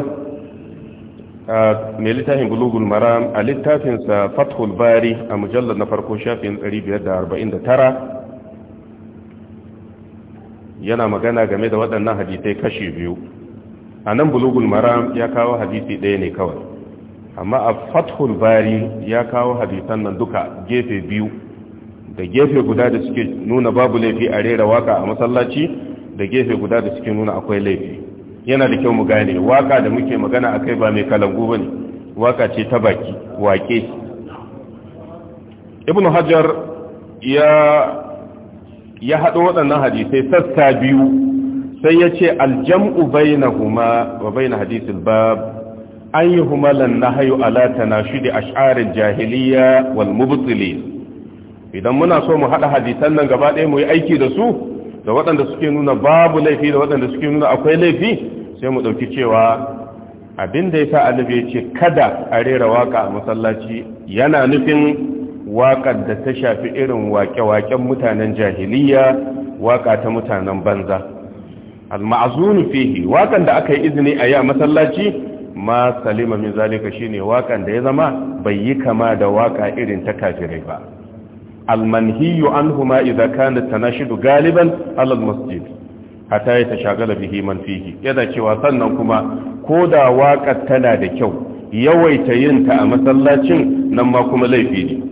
mai littafin gulugul maram a littafinsa fathul bari a mujallar na farko shafin 549 yana magana game da waɗannan hadisai kashi biyu a nan bulugul maram ya kawo hadisi ɗaya ne kawai amma a fathul bari ya kawo hadisan nan duka gefe biyu da gefe guda da suke nuna babu laifi a rera waka a masallaci da gefe guda da suke nuna akwai laifi yana da kyau mu gane waka da muke magana akai ba mai kalangu bane waka ce ta baki wake ibn hajar ya ya haɗo waɗannan hadisai sassa biyu sai ya ce aljam'u huma wa bain hadisul bab an yi humalan nahayu ala tanashudi ash'aril jahiliya wal mubtilin idan muna so mu haɗa hadisan nan gaba ɗaya mu yi aiki da su da waɗanda suke nuna babu laifi da waɗanda suke nuna akwai laifi sai mu ɗauki cewa abin da ya sa alibi ya ce kada a rera waka a masallaci yana nufin waƙar da ta shafi irin waƙe-waƙen mutanen jahiliya waƙa ta mutanen banza al-ma'azunu fihi waƙan da aka yi izini a yi a masallaci ma salima min zalika shine wakan da ya zama bai yi kama da waka irin ta kafirai ba almanhiyu anhuma idza kana tanashidu galiban ala almasjid hatta ya tashagala bihi man fihi yana cewa sannan kuma ko da wakar tana da kyau yawaita yin ta a masallacin nan ma kuma laifi ne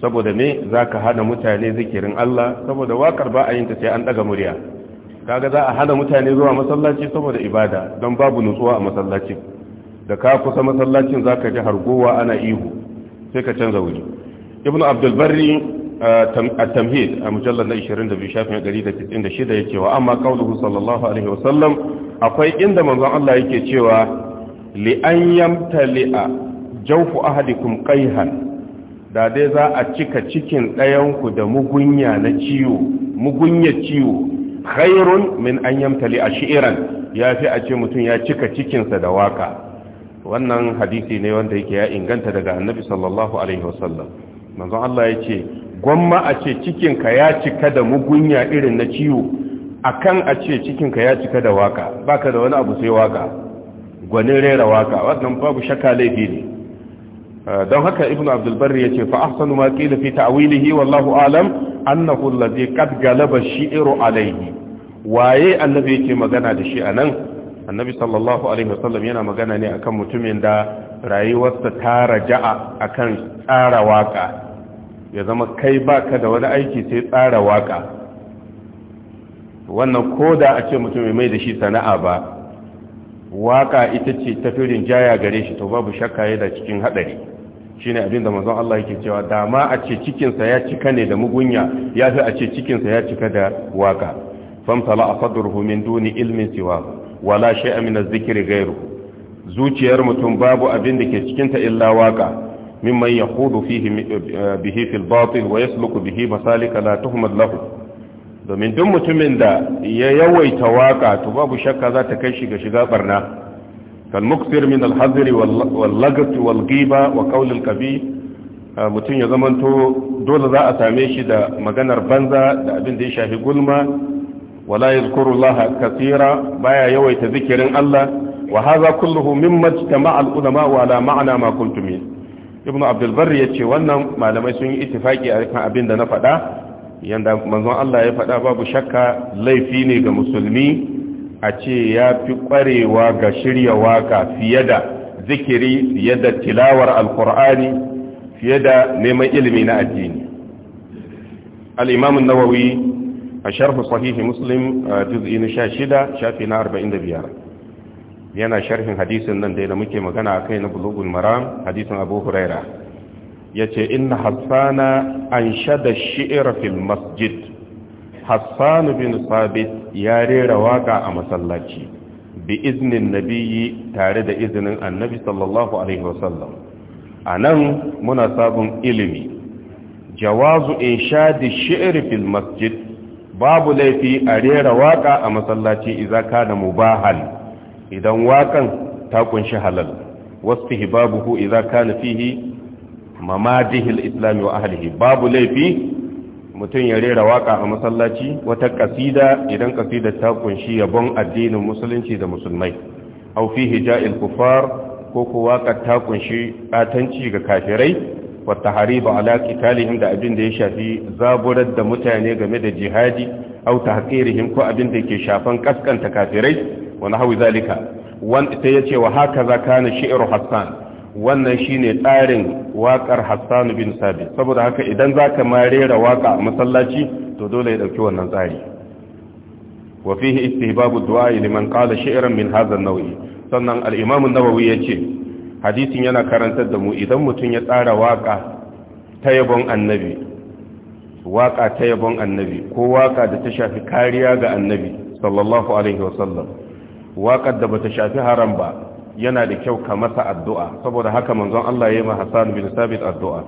saboda me zaka hana mutane zikirin Allah saboda waƙar ba a yin ta sai an ɗaga murya kaga za a hana mutane zuwa masallaci saboda ibada don babu nutsuwa a masallacin da ka kusa masallacin zaka ji hargowa ana ihu sai ka canza wuri ibn abdulbari uh, a tamhid a mujallar na 22 shafin 196 ya cewa amma kauluhu sallallahu alaihi wasallam akwai inda manzon Allah yake cewa li an yamtali'a jawfu ahadikum kaihan da dai za a cika cikin ɗayanku da mugunya na ciwo mugunya ciwo khairun min an yamtali'a ya fi a ce mutum ya cika cikinsa da waka wannan hadisi ne wanda yake ya inganta daga annabi sallallahu alaihi wasallam manzon Allah ya ce gwamma a ce cikinka ya cika da mugunya irin na ciwo akan a ce cikinka ya cika da waka baka da wani abu sai waka gwanin rera waka wannan babu shakka laifi ne uh, don haka ibn abdulbar ya ce ahsanu ma qila fi ta'wilihi wallahu alam annahu alladhi qad galaba shi'ru alayhi waye annabi yake magana da shi anan annabi sallallahu alaihi wasallam yana magana ne akan mutumin da rayuwarsa ta raja'a akan tsara waka ya zama kai baka da wani aiki sai tsara waka wannan ko da a ce mutum mai mai da shi sana'a ba waka ita ce tafirin jaya gare shi to babu shakka yana cikin hadari shine abin da manzon Allah yake cewa dama a ce cikinsa ya cika ne da mugunya ya fi a ce cikinsa ya cika da waka famtala a min duni ilmin siwa wala shay'a min az-zikri zuciyar mutum babu abin da ke cikinta illa waka mimman yahudu fihi bihi fil batil wa yasluku bihi masalika la tuhmad domin duk mutumin da ya yawaita waka to babu shakka za ta kai shi ga shiga barna kan muktir min al wal lagat wal ghiba wa qawl al kabi mutum ya zamanto dole za a same shi da maganar banza da abin da ya shafi gulma wala yadhkuru Allah kathira baya yawaita zikirin Allah wa hadha kulluhu mimma ijtama'a al ulama wa ala ma'na ma kuntum ibnu abdulbar ya ce wannan malamai sun yi itifaki a kan abin da na faɗa yadda manzon Allah ya faɗa babu shakka laifi ne ga musulmi a ce ya fi ƙwarewa ga shirya waka fiye da zikiri fiye da tilawar alkur'ani fiye da neman ilimi na addini al'imamun nawawi a sharhu sahihi muslim juz'i na 16 shafi na biyar. yana sharhin hadisin nan da da muke magana a kai na Bulugun maram hadisin abu huraira ya ce inna hassana an shada shi'ira fil masjid hassanu bin sabit ya rera waka a masallaci bi iznin nabiyyi tare da izinin annabi sallallahu alaihi wasallam a nan muna sabon ilimi jawazu in shadi shi'ir fil masjid babu laifi a rera waka a masallaci iza da mubahal idan waƙan ta kunshi halal wastihbabuhu idza kana fihi mamadihil islami wa ahlihi babu laifi mutum ya rera waka a masallaci wata ƙasida idan ƙasida ta kunshi yabon addinin musulunci da musulmai aw fihi ja'il kufar ko ko waka ta kunshi katanci ga kafirai wa hariba ala qitalihim da abin da ya shafi zaburar da mutane game da jihadi aw tahqirihim ko abin da yake shafan kaskanta kafirai wa nahwi zalika wan sai yace wa haka ka kana shi'ru hassan wannan shine tsarin waƙar hassan bin sabi saboda haka idan zaka ma rera waka masallaci to dole ya dauki wannan tsari wa fihi istihbabu du'a liman qala shi'ran min hadha an-naw'i sannan al-imam an-nawawi yace hadisin yana karantar da mu idan mutum ya tsara waka ta yabon annabi waka ta yabon annabi ko waka da ta shafi kariya ga annabi sallallahu alaihi wasallam wakar da bata shafi haram ba yana da kyau ka masa addu'a saboda haka manzon Allah ya yi ma Hassan bin Sabit addu'a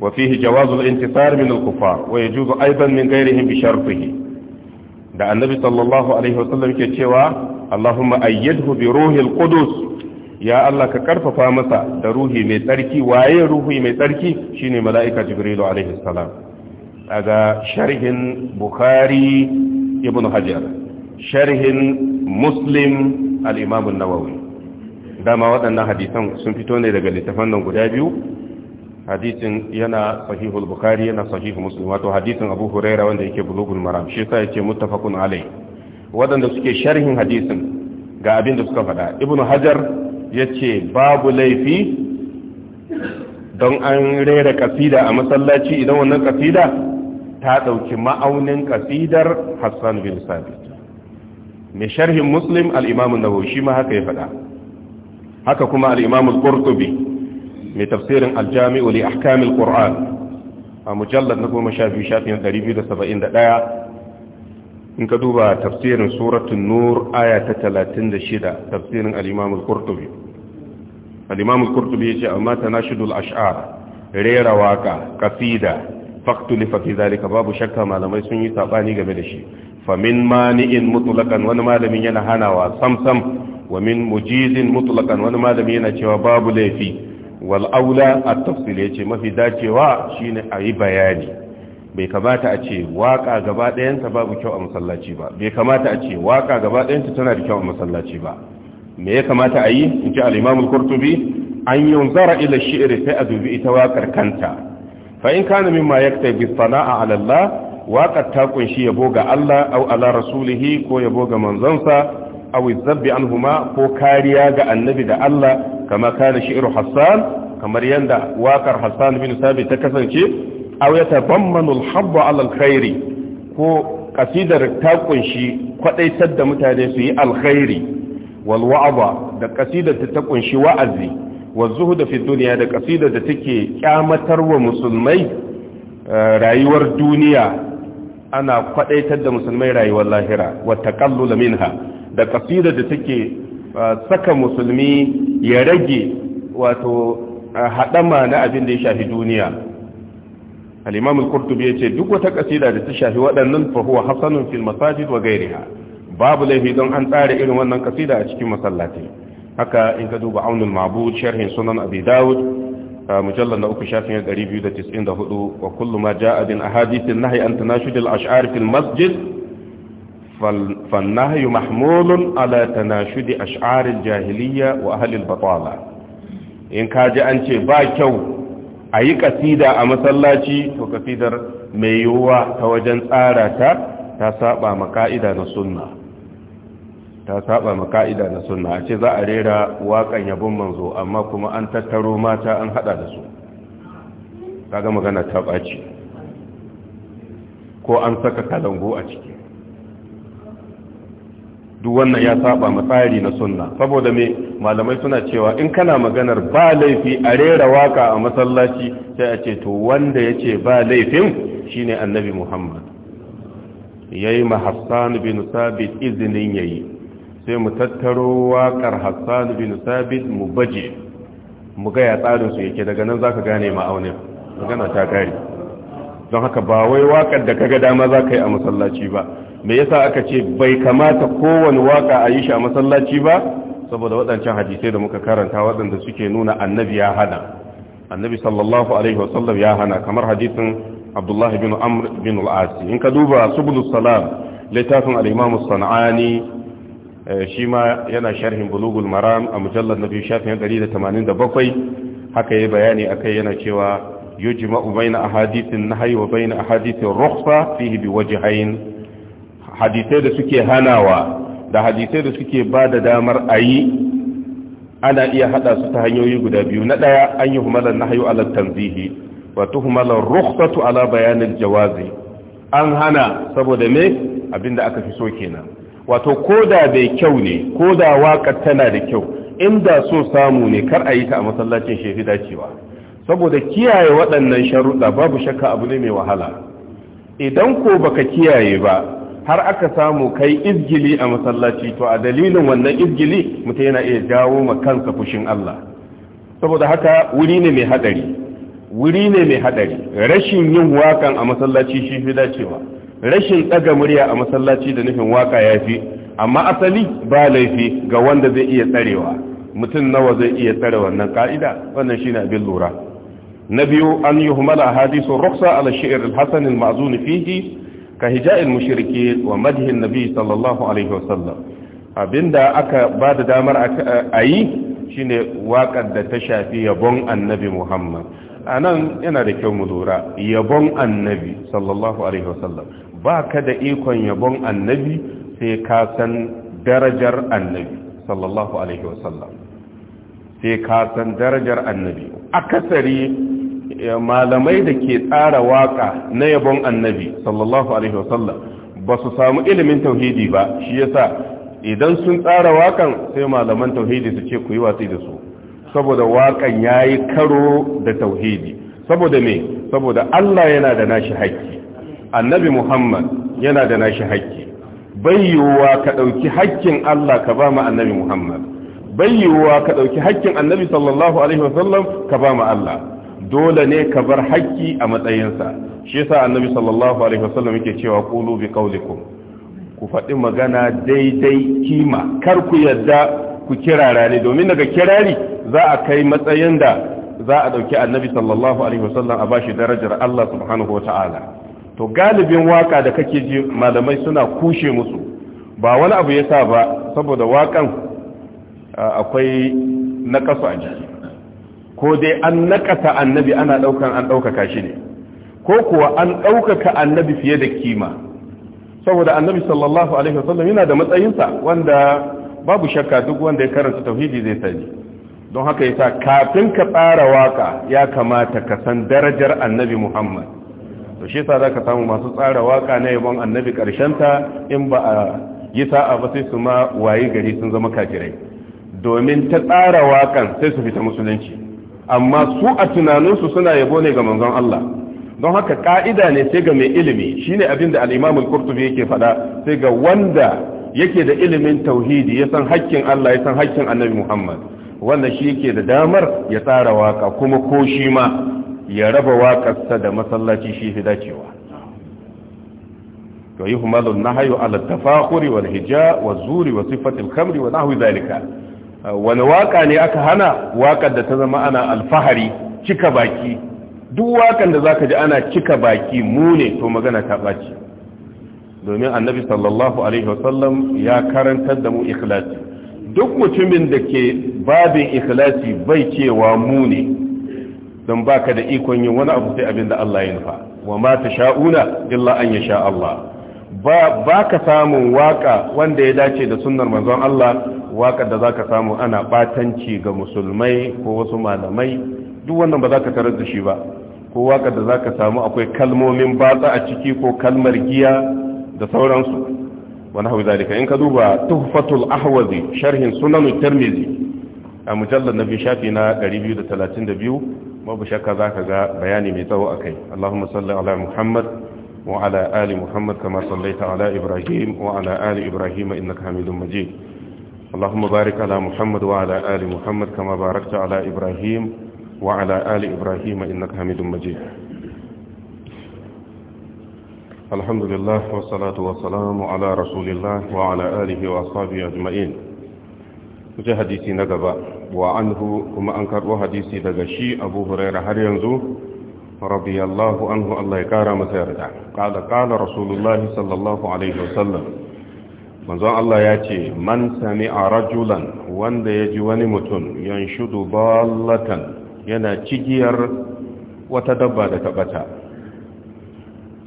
wa fihi jawazul intisar min al-kuffar wa yajuzu aidan min ghairihim bi shartihi da annabi sallallahu alaihi wasallam ke cewa Allahumma ayyidhu bi ruhil qudus ya Allah ka karfafa masa da ruhi mai tsarki waye ruhi mai tsarki shine mala'ika jibrilu alaihi salam aga sharhin bukhari ibn hajar sharhin muslim al nawawi dama waɗannan hadisan sun fito ne daga littafan nan guda biyu hadisin yana sahihul bukhari yana sahihul muslim wato hadisin abu huraira wanda yake bulugun maram shi yasa yake muttafaqun alai waɗanda suke sharhin hadisin ga abin da suka faɗa Ibn hajar yace babu laifi don an rera kasida a masallaci idan wannan kasida ta ɗauki ma'aunin ƙasidar hassan bin sabit mai sharhin muslim al'imamun na shi ma haka ya faɗa haka kuma al'imamun ƙortobi mai tafsirin aljami'u li ahkamil ƙor'an a mujallar na goma sha biyu da ɗaya in ka duba tafsirin suratun nur aya ta shida tafsirin al'imamun ƙortobi al'imamun ƙortobi ya ce amma ta nashidul ash'ar rera waka kasida faktulifa fi zalika babu shakka malamai sun yi sabani game da shi famin mani'in mutlaqan wani malamin yana hanawa samsam wa min mujizin mutlaqan wani malami yana cewa babu laifi wal aula at-tafsil yace mafi dacewa shine ayi bayani bai kamata a ce waka gaba ɗayanta babu kyau a masallaci ba bai kamata a ce waka gaba ɗayanta tana da kyau a masallaci ba me ya kamata a yi in ji al-imam al-qurtubi an yunzara ila shi'ri sai a dubi ita wakar kanta fa in kana mimma yaktabi sana'a ala waƙar ta kunshi yabo ga Allah au ala rasulihi ko yabo ga manzansa au zabbi anhuma ko kariya ga annabi da Allah kama kana shi'ru Hassan kamar yadda waƙar Hassan bin Sabit ta kasance au ta al-habba alalkhairi ko kasidar ta kunshi kwaɗaitar da mutane su yi alkhairi wal wa'aba da kasidar ta kunshi wa'azi wa da fi da kasida da take kyamatar wa musulmai eh, rayuwar duniya ana kwadaitar da musulmai rayuwar lahira wa taqallul minha da kasida da take eh, saka musulmi ya rage wato eh, hadama na abin da ya shafi duniya al-imam al-qurtubi yace duk wata kasida da ta shafi waɗannan fa huwa hasanun fil masajid wa gairiha babu laifi don an tsara irin wannan kasida a cikin masallatai haka in ka duba aunin mabud sharhin sunan abi daud mujallal na uku shafin 294 wa kullu ma ja'a bin ahadithin nahyi an tanashud al-ash'ar fil masjid فالنهي محمول على تناشد أشعار الجاهلية وأهل البطالة إن كاجة أنت باكو أي قصيدة أمسلاتي وقصيدة ميوة توجن آراتا تسابع مقائدة نصنة ta saba ma ka'ida na sunna a ce za a rera waƙan yabon manzo amma kuma an tattaro mata an hada da su kaga magana ta ɓaci ko an saka kalango a ciki duk wannan ya saba ma tsari na sunna saboda me malamai suna cewa in kana maganar ba laifi a rera waka a masallaci sai a ce to wanda ya ce ba laifin shine annabi muhammad ya yi mahassan bin sabit izinin yayi sai mu tattaro waƙar hassan bin sabit mu baje mu ga ya tsarinsu yake daga nan za ka gane ma'aunin magana ta gari don haka ba wai waƙar da kaga dama za ka yi a masallaci ba me yasa aka ce bai kamata kowane waƙa a yi shi a masallaci ba saboda waɗancan hadisai da muka karanta waɗanda suke nuna annabi ya hana annabi sallallahu alaihi wasallam ya hana kamar hadisin abdullahi bin amr bin in ka duba subulus salam littafin al Eh, shi ma yana sharhin bulugul maram a mujallar na biyu shafin 187 haka yi bayani akai yana cewa yujma'u baina ahadithin nahyi wa baina ahadithin rukhsa fihi biwajhayn hadisai da suke hanawa da hadisai da suke ba da damar ayi ana iya hada su ta hanyoyi guda biyu na daya an yi humalar nahyu ala tanzihi wa tuhmalar rukhsatu ala bayanil jawazi an hana saboda me abinda aka fi so kenan wato ko da bai kyau ne ko da waƙar tana da kyau inda so samu ne kar a yi ta a masallacin shefi dacewa saboda kiyaye waɗannan sharuɗa babu shakka abu ne mai wahala idan ko baka kiyaye ba har aka samu kai izgili a masallaci to a dalilin wannan izgili mutum yana iya jawo ma kansa fushin Allah saboda haka wuri ne mai hadari wuri ne mai hadari rashin yin wakan a masallaci shi fi dacewa rashin ɗaga murya a masallaci da nufin waka ya fi amma asali ba laifi ga wanda zai iya tsarewa mutum nawa zai iya tsare wannan ka'ida wannan shine abin lura na biyu an yi humala hadisu ruksa ala shi'ir hasan mazun fihi ka hija'il mushriki wa madhin nabi sallallahu alaihi wasallam abinda aka ba da damar a yi shine waƙar da ta shafi yabon annabi muhammad a nan yana da kyau mu lura yabon annabi sallallahu alaihi wasallam ba ka da ikon yabon annabi sai ka san darajar annabi sallallahu alaihi wasallam sai ka san darajar annabi akasari eh, malamai da ke tsara waka na yabon annabi sallallahu alaihi wasallam ba su samu ilimin tauhidi ba shi yasa idan sun tsara wakan sai malaman tauhidi su ce ku yi watsi da su saboda wakan ya yi karo da tauhidi saboda me saboda Allah yana da nashi haƙƙi annabi muhammad yana da nashi haƙƙi bayyuwa ka ɗauki haƙƙin allah ka ba ma annabi muhammad bayyuwa ka ɗauki haƙƙin annabi sallallahu alaihi wasallam ka ba ma allah dole ne ka bar haƙƙi a matsayinsa shi yasa annabi sallallahu alaihi wasallam yake cewa qulu bi qawlikum ku faɗi magana daidai kima kar ku yadda ku kirara ne domin daga kirari za a kai matsayin da za a ɗauki annabi sallallahu alaihi wasallam a bashi darajar Allah subhanahu wa ta'ala to galibin waka da kake ji malamai suna kushe musu ba wani abu ya sa ba saboda wakan akwai nakasu a jiki ko dai an nakasa annabi ana daukan an daukaka shi ne ko kuwa an daukaka annabi fiye da kima saboda annabi sallallahu alaihi wasallam yana da matsayinsa wanda babu shakka duk wanda ya karanta tauhidi zai sani don haka yasa kafin ka tsara waka ya kamata ka san darajar annabi muhammad to shi yasa zaka samu masu tsara waka na yabon annabi karshen ta in ba a yi sa'a ba sai su ma wayi gari sun zama kafirai domin ta tsara wakan sai su fita musulunci amma su a tunaninsu suna yabo ne ga manzon Allah don haka ka'ida ne sai ga mai ilimi shine abin da al-Imam al-Qurtubi yake faɗa sai ga wanda yake da ilimin tauhidi ya san haƙƙin Allah ya san haƙƙin Annabi Muhammad wanda shi yake da damar ya tsara waka kuma ko shi ma ya raba waƙarsa da masallaci shi fi dacewa to yi na hayo alattafakuri wal hija wa zuri wa kamri wa nahu zalika wani waƙa ne aka hana waƙar da ta zama ana alfahari cika baki duk waƙar da zaka ji ana cika baki mu ne to magana ta ɓaci domin annabi sallallahu alaihi wasallam ya karantar da mu ikhlasi duk mutumin da ke babin ikhlasi bai cewa mu ne don baka da ikon yin wani abu sai abin da Allah ya nufa wa ma sha'una? illa an sha Allah ba baka samun waka wanda ya dace da sunnar manzon Allah waka da zaka samu ana batanci ga musulmai ko wasu malamai duk wannan ba ka tarar da shi ba ko waka da zaka samu akwai kalmomin batsa a ciki ko kalmar giya da sauransu wani hau zalika in ka duba tuhfatul ahwazi sharhin sunan tirmizi a mujallar nabi shafi na 232 babu shakka za ka ga bayani mai tsawo a kai allahumma salli ala muhammad wa ala ali muhammad kama sallaita ala ibrahim wa ala ali ibrahim innaka hamidun majid allahumma barik ala muhammad اللهم بارك على محمد وعلى آل محمد كما باركت على إبراهيم وعلى آل إبراهيم إنك حميد مجيد الحمد لله والصلاة والسلام على رسول الله وعلى آله وأصحابه أجمعين wuce hadisi na gaba wa anhu kuma an karɓo hadisi daga shi abu huraira har yanzu radiyallahu anhu Allah ya kara masa yarda qala kala rasulullah sallallahu alaihi wasallam manzon Allah ya ce man a rajulan wanda ya ji wani mutum yanshudu ballatan yana cigiyar wata dabba da tabata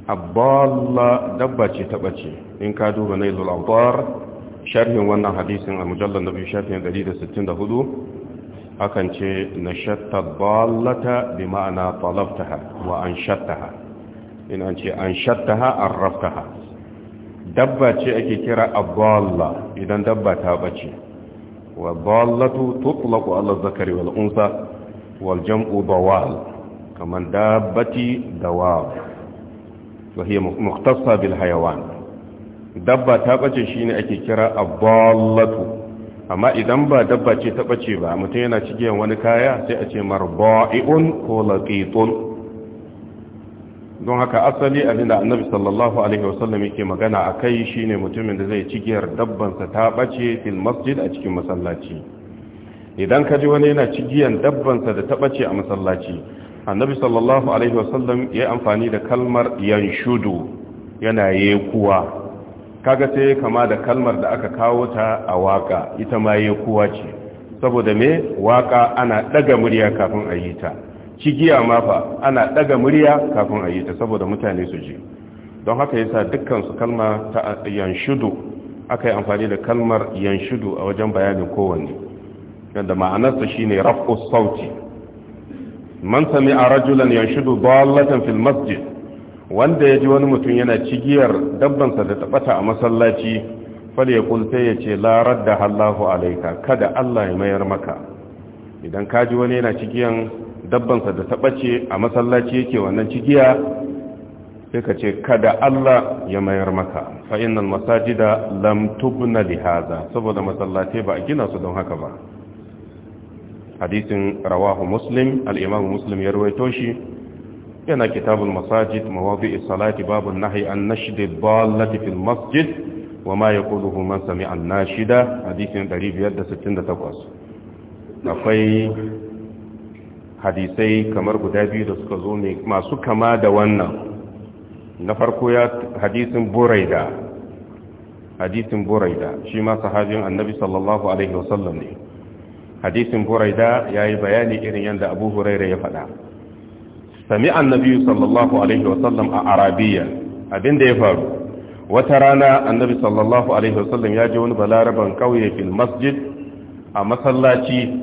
aballa dabba ce tabace in ka duba nailul awtar sharhin wannan hadisin a mujallar na biyu shafin 164 hakan ce na shatta ballata bi ma'ana talabtaha wa an shattaha in an ce an shattaha an raftaha dabba ce ake kira aballa idan dabba ta bace wa ballatu tutlaqu ala zakari wal unsa wal jam'u dawal kaman dabbati dawal wa hiya muhtassa bil hayawan dabba ta bace shine ake kira abbalatu amma idan ba dabba ce ta bace ba mutum yana cikin wani kaya sai a ce marba'i'un ko laqitun don haka asali abinda annabi sallallahu alaihi wasallam yake magana akai shine mutumin da zai cigiyar dabbansa ta bace fil masjid a cikin masallaci idan ka ji wani yana cigiyan dabbansa da ta bace a masallaci annabi sallallahu alaihi wasallam ya amfani da kalmar yanshudu yana yekuwa kaga sai kama da kalmar da aka kawo ta a waka ita ma yi kuwa ce saboda me waka ana daga murya kafin a yi ta cigiya ma fa ana daga murya kafin a yi ta saboda mutane su ji don haka yasa dukkan su kalma ta yanshudu aka yi amfani da kalmar yanshudu a wajen bayanin kowanne yadda ma'anarsa shine raf'u sauti man sami a rajulan yanshudu dallatan fil masjid wanda ya ji wani mutum yana cigiyar dabbansa da tabbata a masallaci fal ya kulta ya ce larar da hallahu alaika kada Allah ya mayar maka idan ka ji wani yana cigiyan dabbansa da tabace a masallaci yake wannan cigiya sai ka ce kada Allah ya mayar maka innal masajida lam lamtubna lihaza saboda masallatai ba a gina su don haka ba hadisin rawahu muslim al-imam muslim ya rawaito shi yana kitabul masajid mawadi'is salati babun nahyi an nashdi dallati fil masjid wa ma yaquluhu man sami'a an-nashida hadisin 568 akwai hadisai kamar guda biyu da suka zo ne masu kama da wannan na farko ya hadisin buraida hadisin buraida shi ma sahabin annabi sallallahu alaihi wasallam ne hadisin buraida yayi bayani irin yanda abu hurairah ya faɗa sami annabi sallallahu alaihi wasallam a arabiya abinda ya faru wata rana annabi sallallahu alaihi wasallam ya ji wani balaraban kauye fil masjid a masallaci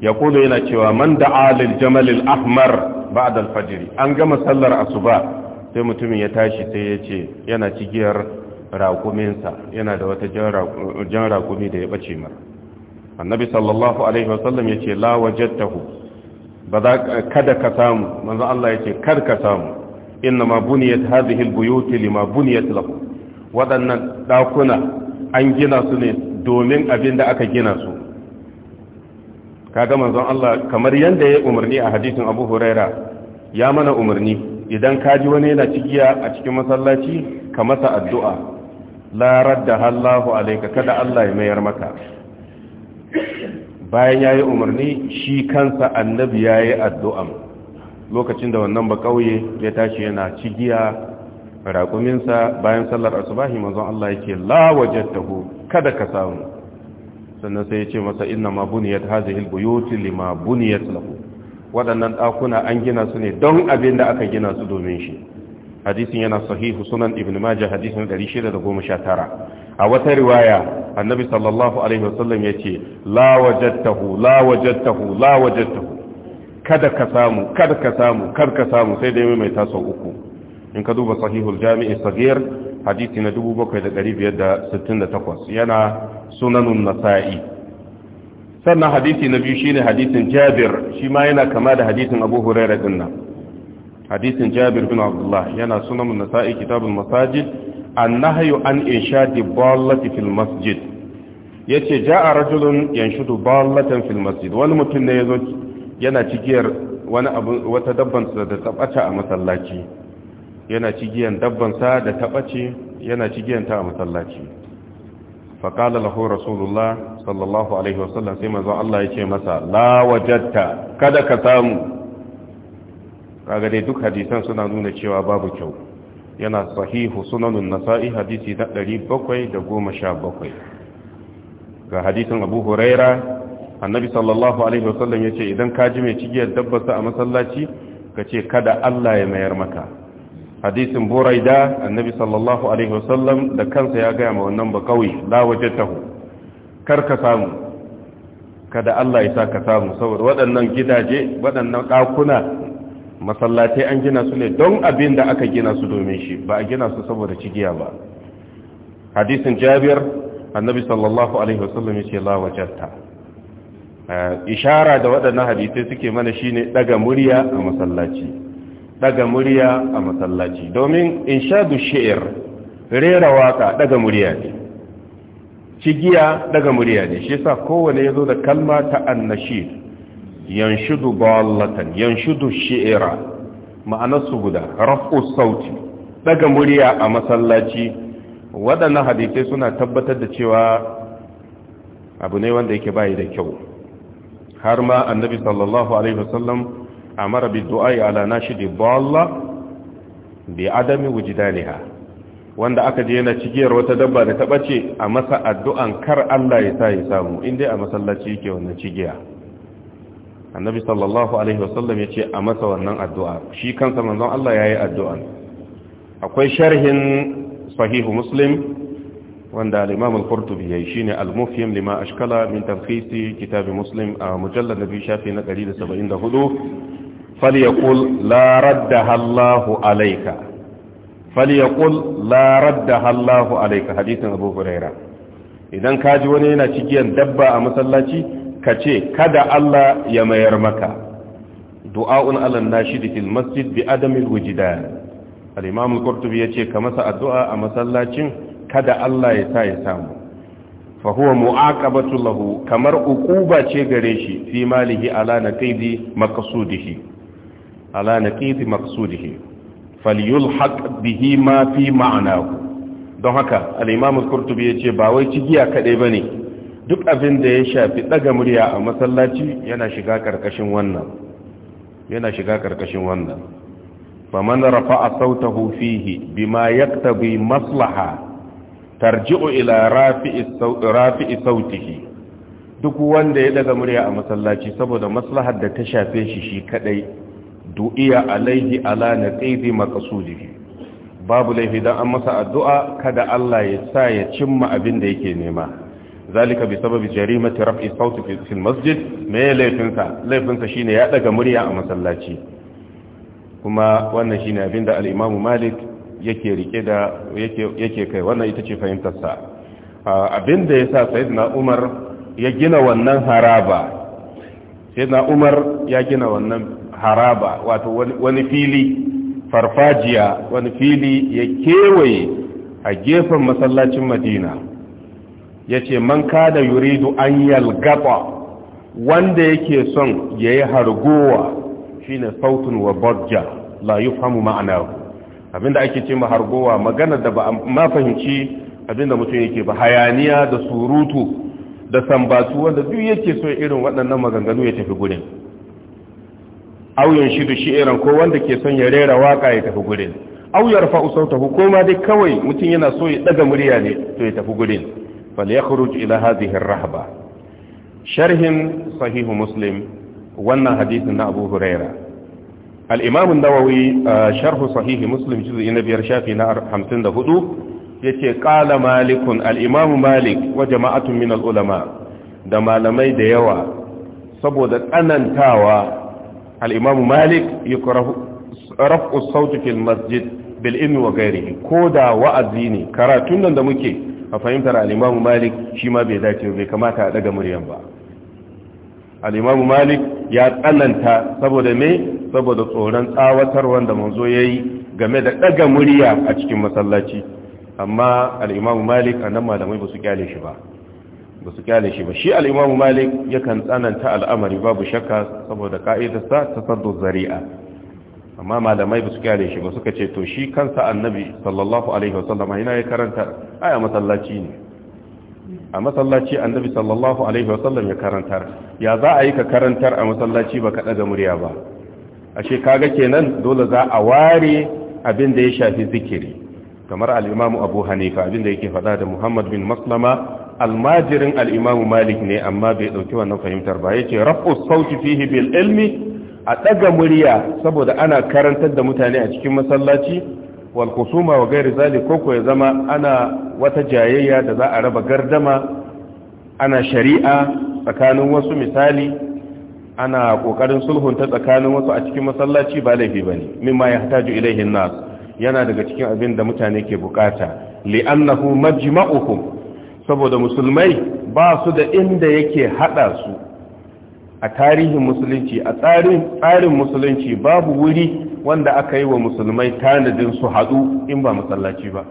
ya kudu yana cewa man da alil jamalil ahmar ba'd fajr an gama sallar asuba sai mutumin ya tashi sai ya ce yana cigiyar raƙuminsa yana da wata jan rakumi da ya bace mara annabi sallallahu alaihi wasallam ya ce la wajadtahu kada ka samu manzo Allah yake kar ka samu inna ma buniyat hadhihi albuyut lima buniyat lahu wadannan dakuna an gina su ne domin abin da aka gina su kaga manzon Allah kamar yanda ya umarni a hadisin Abu Huraira ya mana umarni idan ka ji wani yana cikiya a cikin masallaci ka masa addu'a la radda Allahu alayka kada Allah ya mayar maka bayan ya yi umarni shi kansa annabi ya yi addu'am lokacin da wannan ba kauye ya tashi yana cigiya raƙuminsa bayan sallar asubahi mazan Allah yake lawajen taho kada ka samu sannan sai ya ce masa inna ma buniyat hazihil buyuti lima buniyat lahu waɗannan ɗakuna an gina su ne don abin da aka gina su domin shi hadisin yana sahihu sunan ibn majah hadisin 619 a wata riwaya annabi sallallahu alaihi wasallam ya ce la wajadtahu la wajadtahu la wajadtahu kada ka samu kada ka samu kada ka samu sai da mai taso uku in ka duba sahihul jami'i sagir hadisi na 7568 yana sunanun nasa'i sannan hadisi na biyu shine hadisin jabir shi ma yana kama da hadisin abu hurairah din nan hadisin jabir bin abdullah yana sunanun nasa'i kitabul masajid annahyu an inshadi ballati fil masjid yace a rajulun yanshudu ballatan fil masjid wani mutum ne yazo yana cigiyar wani abu wata dabban sa da tabata a masallaci yana cigiyan dabban sa da tabace yana cigiyan ta a masallaci fa qala lahu rasulullah sallallahu alaihi wasallam sai manzo Allah yace masa la wajadta kada ka samu kaga dai duk hadisan suna nuna cewa babu kyau yana sahihu sunanun nasa'i hadisi na 717 ga hadisin abu huraira annabi sallallahu alaihi wasallam ya ce idan ka ji mai cigiyar tabbasa a masallaci ka ce kada Allah ya mayar maka hadisin buraida annabi sallallahu alaihi wasallam da kansa ya gaya ma wannan bakawai la wajatahu kar ka samu kada Allah ya sa ka samu saboda waɗannan gidaje waɗannan ɗakuna masallatai an gina su ne don abin da aka gina su domin shi ba a gina su saboda cigiya ba hadisin jabir annabi sallallahu alaihi wasallam ya ce la wajatta eh, ishara da waɗannan hadisai suke mana shine ɗaga murya a masallaci Ɗaga murya a masallaci domin in sha shi'r rera waka ɗaga murya ne cigiya ɗaga murya ne shi yasa kowane zo da kalma ta annashir yanshudu dallatan yanshudu shi'ira ma'anarsu guda raf'u sauti daga murya a masallaci waɗannan hadisai suna tabbatar da cewa abu ne wanda yake bayi da kyau har ma annabi sallallahu alaihi wasallam amara bi du'ai ala nashidi dalla bi adami wujdaniha wanda aka je yana cigiyar wata dabba da ta bace a masa addu'an kar Allah ya sa ya samu inda a masallaci yake wannan cigiya annabi sallallahu alaihi wasallam ya ce a masa wannan addu'a shi kansa manzon Allah ya yi addu'a akwai sharhin sahihu muslim wanda al'imam kurtubi ya yi shi ne al-mufiyam lima ashkala min tafkisi kitabi muslim a mujallar na biyu shafi na 174 falyakul la raddaha Allahu alaika falyakul la raddaha Allahu alaika hadisin abu huraira idan kaji wani yana giyan dabba a masallaci ka ce kada Allah ya mayar maka du'a'un allah nashidi fil masjid bi adamil wujidan al-imam al-qurtubi yace ka masa addu'a a masallacin kada Allah ya sa ya samu fa huwa mu'aqabatu lahu kamar uquba ce gare shi fi malihi ala naqidi maqsudihi ala naqidi maqsudihi falyulhaq bihi ma fi ma'nahu don haka al-imam al-qurtubi yace ba wai cigiya kadai bane duk abin da ya shafi daga murya a masallaci yana shiga karkashin wannan yana shiga karkashin wannan faman rafa'a sautahu fihi bima yaktabi maslaha tarji'u ila rafi'i sautihi duk wanda ya daga murya a masallaci saboda maslahar da ta shafe shi shi kadai du'iya alaihi ala naqidi maqsudihi babu laifi dan an masa addu'a kada Allah ya sa ya cimma abin da yake nema zalika bi sababi jarimati raf'i sauti fi masjid me laifinsa laifinsa shine ya daga murya a masallaci kuma wannan shine abinda al Malik yake rike da yake kai wannan ita ce fahimtar sa abinda yasa Sayyidina Umar ya gina wannan haraba Sayyidina Umar ya gina wannan haraba wato wani fili farfajiya wani fili ya kewaye a gefen masallacin Madina ya ce man kada yuridu an yalgaba wanda yake son ya yayi hargowa shine sautin wa bodja la famu ma'ana abinda ake ce hargowa magana da ba ma fahimci abinda mutum yake ba hayaniya da surutu da sambatu wanda duk yake so irin waɗannan maganganu ya tafi gudun. auyan shi da shi irin ko wanda ke son ya rera waka ya tafi gudun auyar fa'u sautahu ko dai kawai mutum yana so ya ɗaga murya ne to ya tafi gudun. falyakhruj ila hadhihi ar-rahba sharhin sahih muslim wannan hadisin na Abu Huraira al-Imam an-Nawawi sharh sahih muslim juz'i na biyar shafi na 54 yace qala malik al Malik wa jama'atun min al-ulama da malamai da yawa saboda tsanantawa al Malik yukrahu raf'u sawti fil masjid bil ilmi wa ghairihi koda wa'azi ne karatun nan da muke a fahimtar al'imamu malik shi ma bai dace bai kamata a daga muryan ba al'imamu malik ya tsananta saboda me saboda tsoron tsawatar wanda manzo ya yi game da daga murya a cikin masallaci amma al'imamu malik a nan malamai ba su kyale shi ba ba su kyale shi ba shi al'imamu malik yakan tsananta al'amari babu shakka saboda ka'idarsa ta saddo zari'a amma malamai ba su kyale shi ba suka ce to shi kansa annabi sallallahu alaihi wasallam yana ya karanta aya masallaci ne a masallaci annabi sallallahu alaihi wasallam ya karantar ya za a yi ka karantar a masallaci ba ka daga murya ba ashe kaga kenan dole za a ware abin da ya shafi zikiri kamar al-imamu abu hanifa abin da yake faɗa da muhammad bin maslama almajirin al-imamu malik ne amma bai ɗauki wannan fahimtar ba ya ce rafu sauti fihi bil ilmi a ɗaga murya saboda ana karantar da mutane a cikin masallaci wal kusuma wa gairi zali koko ya zama ana wata jayayya da za a raba gardama ana shari'a tsakanin wasu misali ana kokarin sulhunta tsakanin wasu a cikin masallaci ba laifi bane mimma ya hataju ilaihin nas yana daga cikin abin da mutane ke bukata li'annahu majma'uhum saboda musulmai ba su da inda yake hada su a tarihin musulunci a tsarin musulunci babu wuri wanda aka yi wa musulmai tanadin su haɗu in ba masallaci ba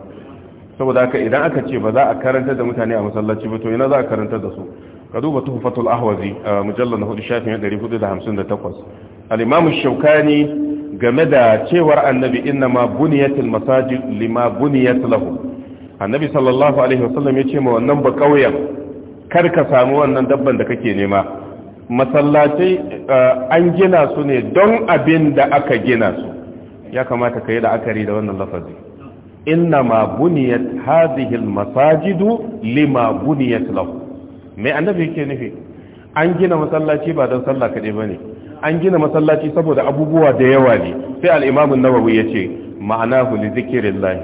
saboda haka idan aka ce ba za a karanta da mutane a masallaci ba to ina za a karanta da su ka duba tuhfatul ahwazi mujallar na hudu shafin da hamsin 458 al-imam shaukani game da cewar annabi inna ma buniyatil masajid lima buniyat lahu annabi sallallahu alaihi wasallam ya ce ma wannan ba kauyen kar ka samu wannan dabban da kake nema masallatai eh, an gina su ne don abin da aka gina su ya kamata ka yi la'akari da wannan lafazi inna ma buniyat hadhihi masajidu lima buniyat lahu mai annabi yake nufi an gina masallaci ba don sallah kaɗai ne an gina masallaci saboda abubuwa da yawa ne sai al'imamin imam an-nawawi yace ma'ana li zikrillah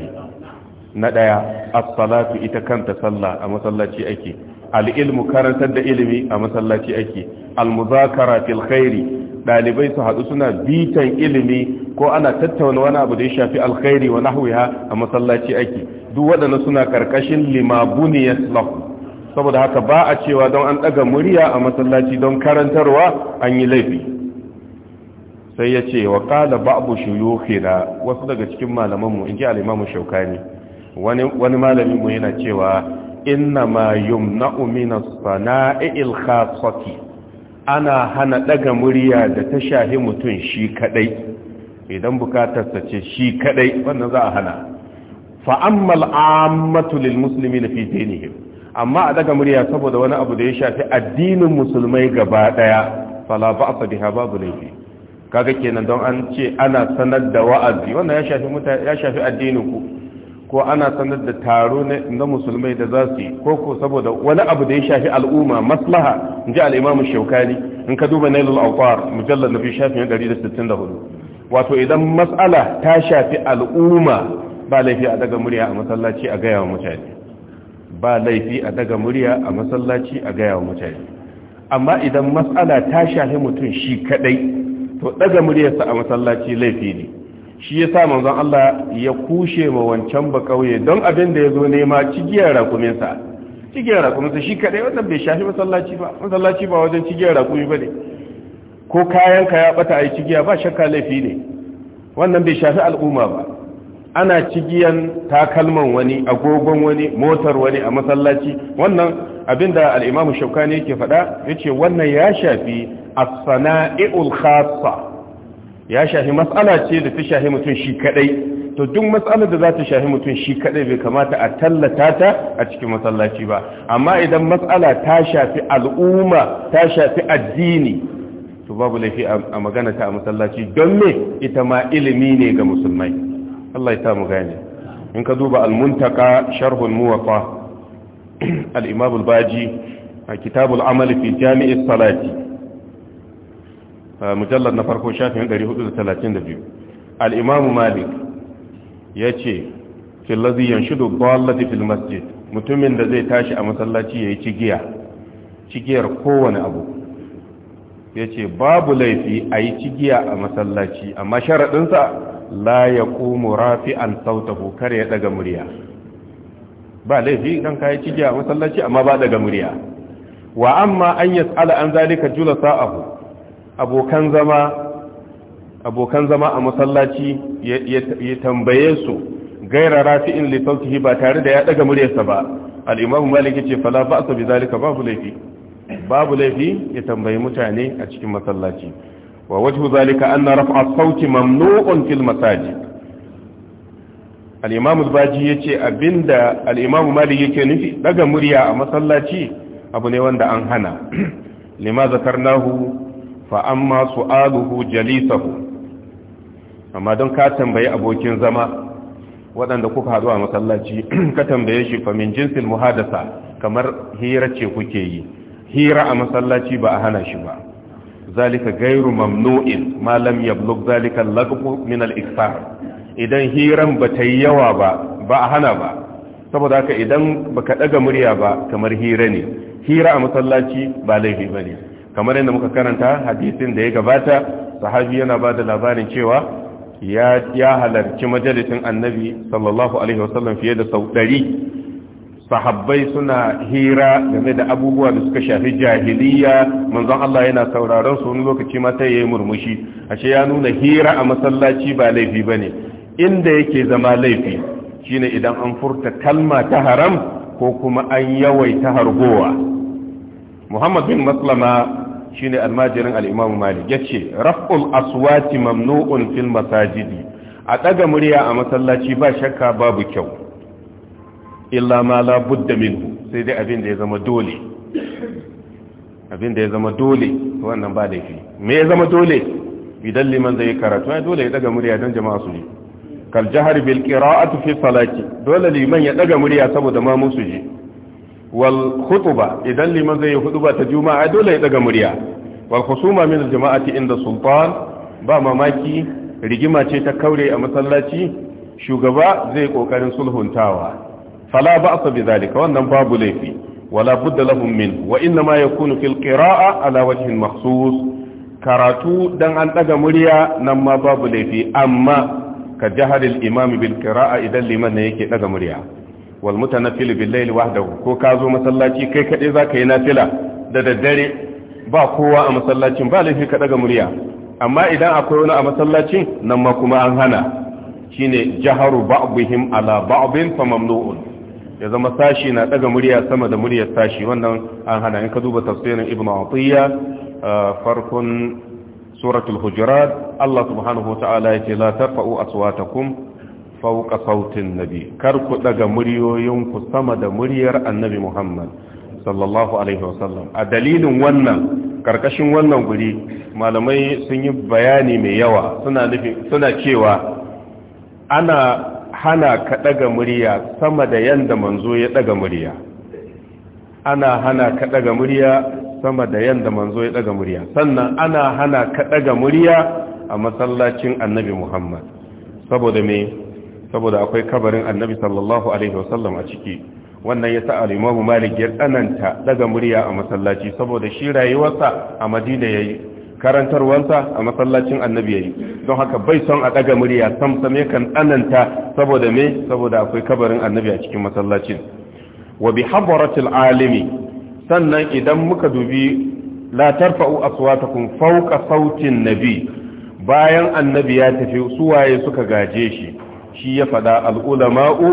na ɗaya as-salatu ita kanta sallah a masallaci ake al'ilmu karantar da ilimi a masallaci ake almuzakara fil khairi dalibai su haɗu suna bitan ilimi ko ana tattauna wani abu da ya shafi alkhairi wa nahwiha a masallaci ake duk waɗanda suna karkashin limabuni ya saboda haka ba a cewa don an ɗaga murya a masallaci don karantarwa an yi laifi sai ya ce wa ƙala ba'abu shuyukhina wasu daga cikin malamanmu in ji al'imamu shaukani wani malaminmu yana cewa inna ma yumna'u uminas fanai sanail ana hana ɗaga murya da ta shahi mutun shi kaɗai idan bukatar ta ce shi kaɗai wannan za a hana fa amma al-ammatu lil ne fi amma a ɗaga murya saboda wani abu da ya shafi addinin musulmai gaba ɗaya fala ba'sa babu laifi kaga kenan don an ce ana sanar da wa'azi wannan shafi ya shafi addinin ku ko ana sanar da taro na musulmai da za su yi ko ko saboda wani abu da ya shafi al'umma maslaha in ji al'imamu shaukani in ka duba nailul autar mujallar na fi shafin 164 wato idan matsala ta shafi al'umma ba laifi a daga murya a masallaci a gaya wa mutane ba laifi a daga murya a masallaci a gaya wa mutane amma idan matsala ta shafi mutum shi kadai to daga muryarsa a masallaci laifi ne shi ya sa manzon Allah ya kushe ma wancan ba kauye don abin da ya zo nema cigiyar rakuminsa cigiyar rakuminsa shi kadai wannan bai shafi masallaci ba masallaci ba wajen cigiyar rakumi ba ne ko kayanka ya bata a yi cigiya ba shakka laifi ne wannan bai shafi al'umma ba ana cigiyan takalman wani agogon wani motar wani a masallaci wannan abinda al-imamu shaukani yake faɗa yace wannan ya shafi as-sana'i'ul khassa ya shafi matsala ce da ta shafi mutum shi kadai to duk matsalar da za ta shafi mutum shi kadai bai kamata a tallata ta a cikin masallaci ba amma idan matsala ta shafi al'umma ta shafi addini to babu laifi a magana ta a masallaci don me ita ma ilimi ne ga musulmai Allah ya samu gane in ka duba al-muntaka sharhul muwatta al-imam al-baji kitabul amali fi jami'is salati mujallar na farko shafin 432 al'imamu malik ya ce filazi yanshidu gwallati fil masjid mutumin da zai tashi a masallaci ya yi cigiya cigiyar kowane abu ya ce babu laifi a yi cigiya a masallaci amma sharaɗinsa la ya komo rafi an sautahu kar ya ɗaga murya ba laifi don ka yi cigiya a masallaci amma ba ɗaga murya wa amma an yas'ala an zalika jula sa'ahu abokan zama abokan zama a masallaci ya tambaye su gaira rafi'in li ba tare da ya daga muryarsa ba al imamu malik yace fala ba'sa bi zalika babu laifi babu laifi ya tambayi mutane a cikin masallaci wa wajhu zalika anna raf'a sauti mamnu'un fil masajid al imamu baji yace abinda al imamu malik yake nufi daga murya a masallaci abu ne wanda an hana lima zakarnahu fa amma su'aluhu jalisahu amma don ka tambayi abokin zama waɗanda kuka haɗu a masallaci ka tambaye shi fa min jinsin muhadasa kamar hira ce kuke yi hira a masallaci ba a hana shi ba zalika gairu mamnu'in malam lam zalika al min al idan hiran ba ta yi yawa ba ba a hana ba saboda haka idan baka ɗaga murya ba kamar hira ne hira a masallaci ba laifi bane kamar yadda muka karanta hadisin da ya gabata sahabi yana ba da labarin cewa ya halarci majalisin annabi sallallahu alaihi wasallam fiye da sau ɗari sahabbai suna hira game da abubuwa da suka shafi jahiliya manzon Allah yana sauraron su wani lokaci ma sai yayi murmushi ashe ya nuna hira a masallaci ba laifi bane inda yake zama laifi shine idan an furta kalma ta haram ko kuma an yawaita hargowa Muhammad bin Maslama shine almajirin al-Imam Malik yace raf'ul aswati mamnu'un fil masajidi a daga murya a masallaci ba shakka babu kyau illa ma la budda min sai dai abin da ya zama dole abin da ya zama dole wannan ba da fi me ya zama dole idan liman zai karatu ya dole ya daga murya don jama'a su ji kal jahar bil qira'ati fi salati dole liman ya daga murya saboda ma su ji wal khutba idan liman zai yi ba ta juma'a dole ya daga murya wal khusuma min al jama'ati inda sultan ba mamaki rigima ce ta kaure a masallaci shugaba zai kokarin sulhuntawa fala ba'sa bi zalika wannan babu laifi wala budda lahum min wa inna ma yakunu fil qira'a ala wajhin makhsus karatu dan an daga murya nan ma babu laifi amma ka jaharil imami bil qira'a idan liman ne yake daga murya wal mutanafil bil layli wahdahu ko ka zo masallaci kai za ka yi nafila da daddare ba kowa a masallacin ba laifi ka daga murya amma idan akwai wani a masallacin nan ma kuma an hana shine jaharu ba'dihim ala ba'din fa mamnu'un ya zama sashi na daga murya sama da muryar sashi wannan an hana in ka duba tafsirin ibnu atiya uh, farkon suratul hujurat Allah subhanahu wa ta'ala yace la tarfa'u aswatakum fauka sautin nabi kar ku daga muryoyinku sama da muryar annabi muhammad sallallahu alaihi wasallam a dalilin wannan karkashin wannan guri malamai sun yi bayani mai yawa suna nufi suna cewa ana hana ka daga murya sama da yanda manzo ya daga murya ana hana ka daga murya sama da yanda manzo ya daga murya sannan ana hana ka daga murya a masallacin annabi muhammad saboda me saboda akwai kabarin annabi sallallahu alaihi wasallam a ciki wannan ya sa al-imamu malik ya tsananta daga murya a masallaci saboda shi rayuwarsa a madina yayi karantarwansa a masallacin annabi yayi don haka bai son a daga murya sam sam tsananta saboda me saboda akwai kabarin annabi a cikin masallacin wa bi hadratil alimi sannan idan muka dubi la tarfa'u aswatakum fawqa sautin nabi bayan annabi ya tafi suwaye suka gaje shi shi ya fada al'ulama'u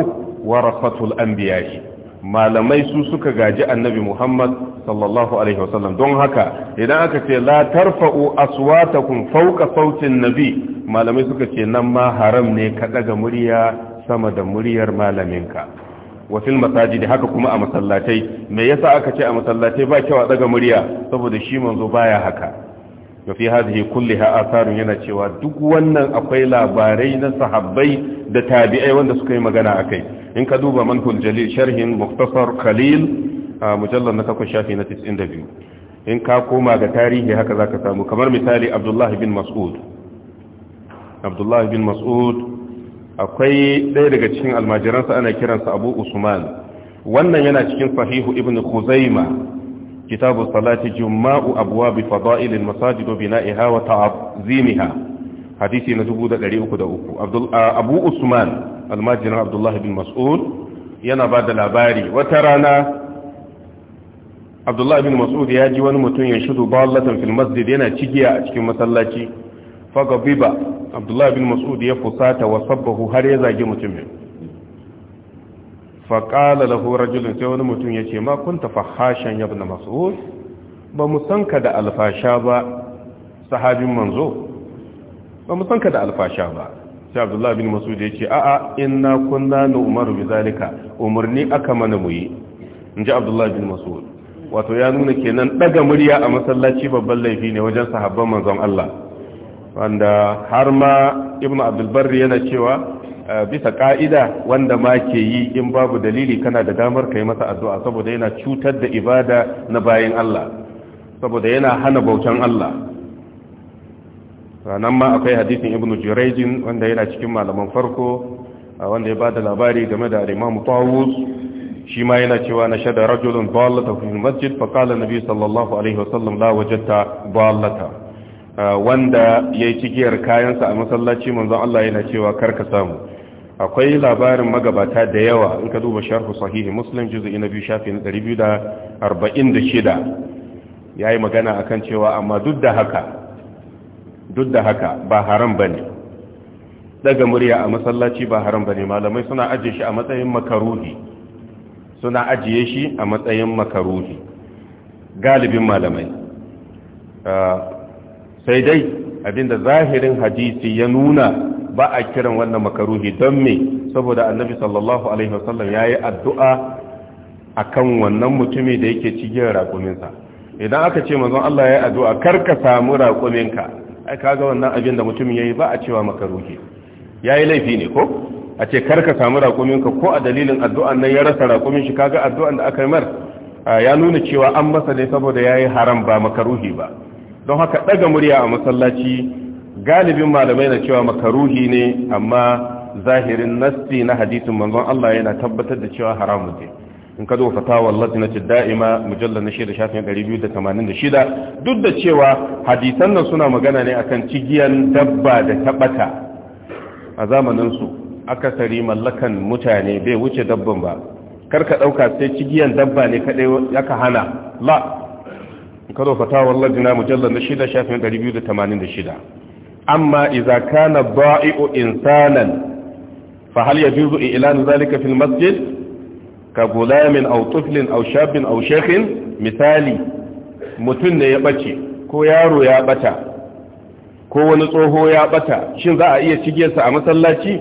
warasatul anbiya malamai su suka gaji annabi Muhammad sallallahu alaihi wasallam don haka idan aka ce la tarfa'u kun fauka sautin nabi malamai suka ce nan ma haram ne ka ɗaga murya sama da muryar malaminka wasil masajidi haka kuma a masallatai me yasa aka ce a masallatai ba kyau a ɗaga murya saboda shi manzo baya haka mafi fi hadhihi kulliha atharun yana cewa duk wannan akwai labarai na sahabbai da tabi'ai wanda suka yi magana akai in ka duba manhul jalil sharhin muktasar khalil mujallal na takwas shafi na 92 in ka koma ga tarihi haka zaka samu kamar misali abdullahi bin mas'ud abdullahi bin mas'ud akwai ɗaya daga cikin almajiransa ana kiransa abu usman wannan yana cikin sahihu ibn khuzaima kitabu salati juma'u abuwa bi fada'ilin masajid wa bina'iha wa ta'azimiha hadisi na 303 abdul abu usman almajirin abdullahi mas'ud yana ba da labari wata rana abdullahi mas'ud ya ji wani mutum ya shudu ballatan fil masjid yana cigiya a cikin masallaci faga biba abdullahi mas'ud ya fusata wa har ya zage mutumin faƙala lahu rajulun sai wani mutum ya ce ma kunta fahashan ya na mas'ud ba mu san ka da alfasha ba sahabin manzo ba mu san ka da alfasha ba sai abdullahi bin mas'ud ya ce a'a inna kunna na umaru bi zalika umarni aka mana mu yi in ji abdullahi bin mas'ud wato ya nuna kenan daga murya a masallaci babban laifi ne wajen sahabban manzon Allah wanda har ma ibnu abdul barri yana cewa bisa ka'ida wanda ma ke yi in babu dalili kana da damar kai masa addu'a saboda yana cutar da ibada na bayan Allah saboda yana hana bautan Allah nan ma akwai hadisin ibnu jurejin wanda yana cikin malaman farko wanda ya bada labari game da al-imam tawus shi ma yana cewa na shada rajulun dallata fi masjid fa qala nabi sallallahu alaihi wasallam la wajadta dallata Ah, wanda ya yi cigiyar kayansa a masallaci manzon Allah yana cewa karka samu akwai labarin magabata da yawa in ka duba sharhu sahihi muslim juzu'i na biyu shafi na 246 ya yi magana akan cewa amma duk da haka ba haram ba daga murya a masallaci ba haram ba malamai suna ajiye shi a matsayin makaruhi suna ajiye shi a matsayin makaruhi galibin malamai ah, sai dai abinda zahirin hadisi ya nuna ba a kiran wannan makaruhi don me saboda annabi sallallahu alaihi wasallam ya yi addu'a a kan wannan mutumi da yake cikin raƙuminsa idan aka ce mazan Allah ya yi addu'a kar ka samu raƙuminka ai kaga wannan abin da mutum ya yi ba a cewa makaruhi ya yi laifi ne ko a ce kar ka samu raƙuminka ko a dalilin addu'an nan ya rasa raƙumin shi kaga addu'an da aka yi mar ya nuna cewa an masa ne saboda ya yi haram ba makaruhi ba don haka ɗaga murya a masallaci galibin malamai na cewa makaruhi ne amma zahirin nasti na hadisin manzon Allah yana tabbatar da cewa haramun ne in ka zo fatawa latinati da'ima mujallal na 286 duk da cewa hadisan nan suna magana ne akan cigiyan dabba da tabbata a zamanin su akasari mallakan mutane bai wuce dabban ba karka ɗauka sai cigiyan dabba ne kadai aka hana la kado fatawar lajina mujallar na shida shafin 286 amma iza kana ba'i'u insanan fa hal yajuzu i'lan zalika fil masjid ka gulamin aw tuflin aw shabin aw shaykhin misali mutun ne ya bace ko yaro ya bata ko wani tsoho ya bata shin za a iya cigiyarsa a masallaci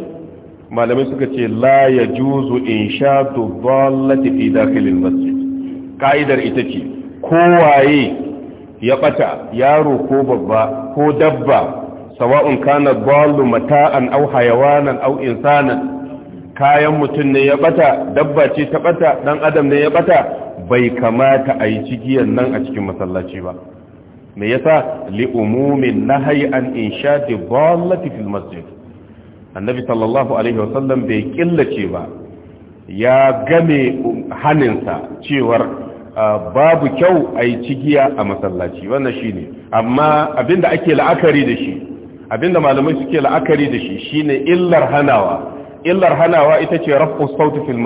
malamai suka ce la yajuzu inshadu dhallati fi dakhil al masjid ka'idar ita ce kowaye ya bata yaro ko babba ko dabba sawa'un kana ballu mata'an aw hayawanan aw insanan kayan mutum ne ya bata dabba ce ta bata dan adam ne ya bata bai kamata a yi cigiyan nan a cikin masallaci ba me yasa li umumin nahyi an inshadi ballati fil masjid annabi sallallahu alaihi wasallam bai killace ba ya game haninsa cewar babu kyau a yi cigiya a masallaci wannan shi ne amma abinda ake la'akari da shi abinda malamai suke la'akari da shi shi ne illar hanawa illar hanawa ita ce rafu sauti fil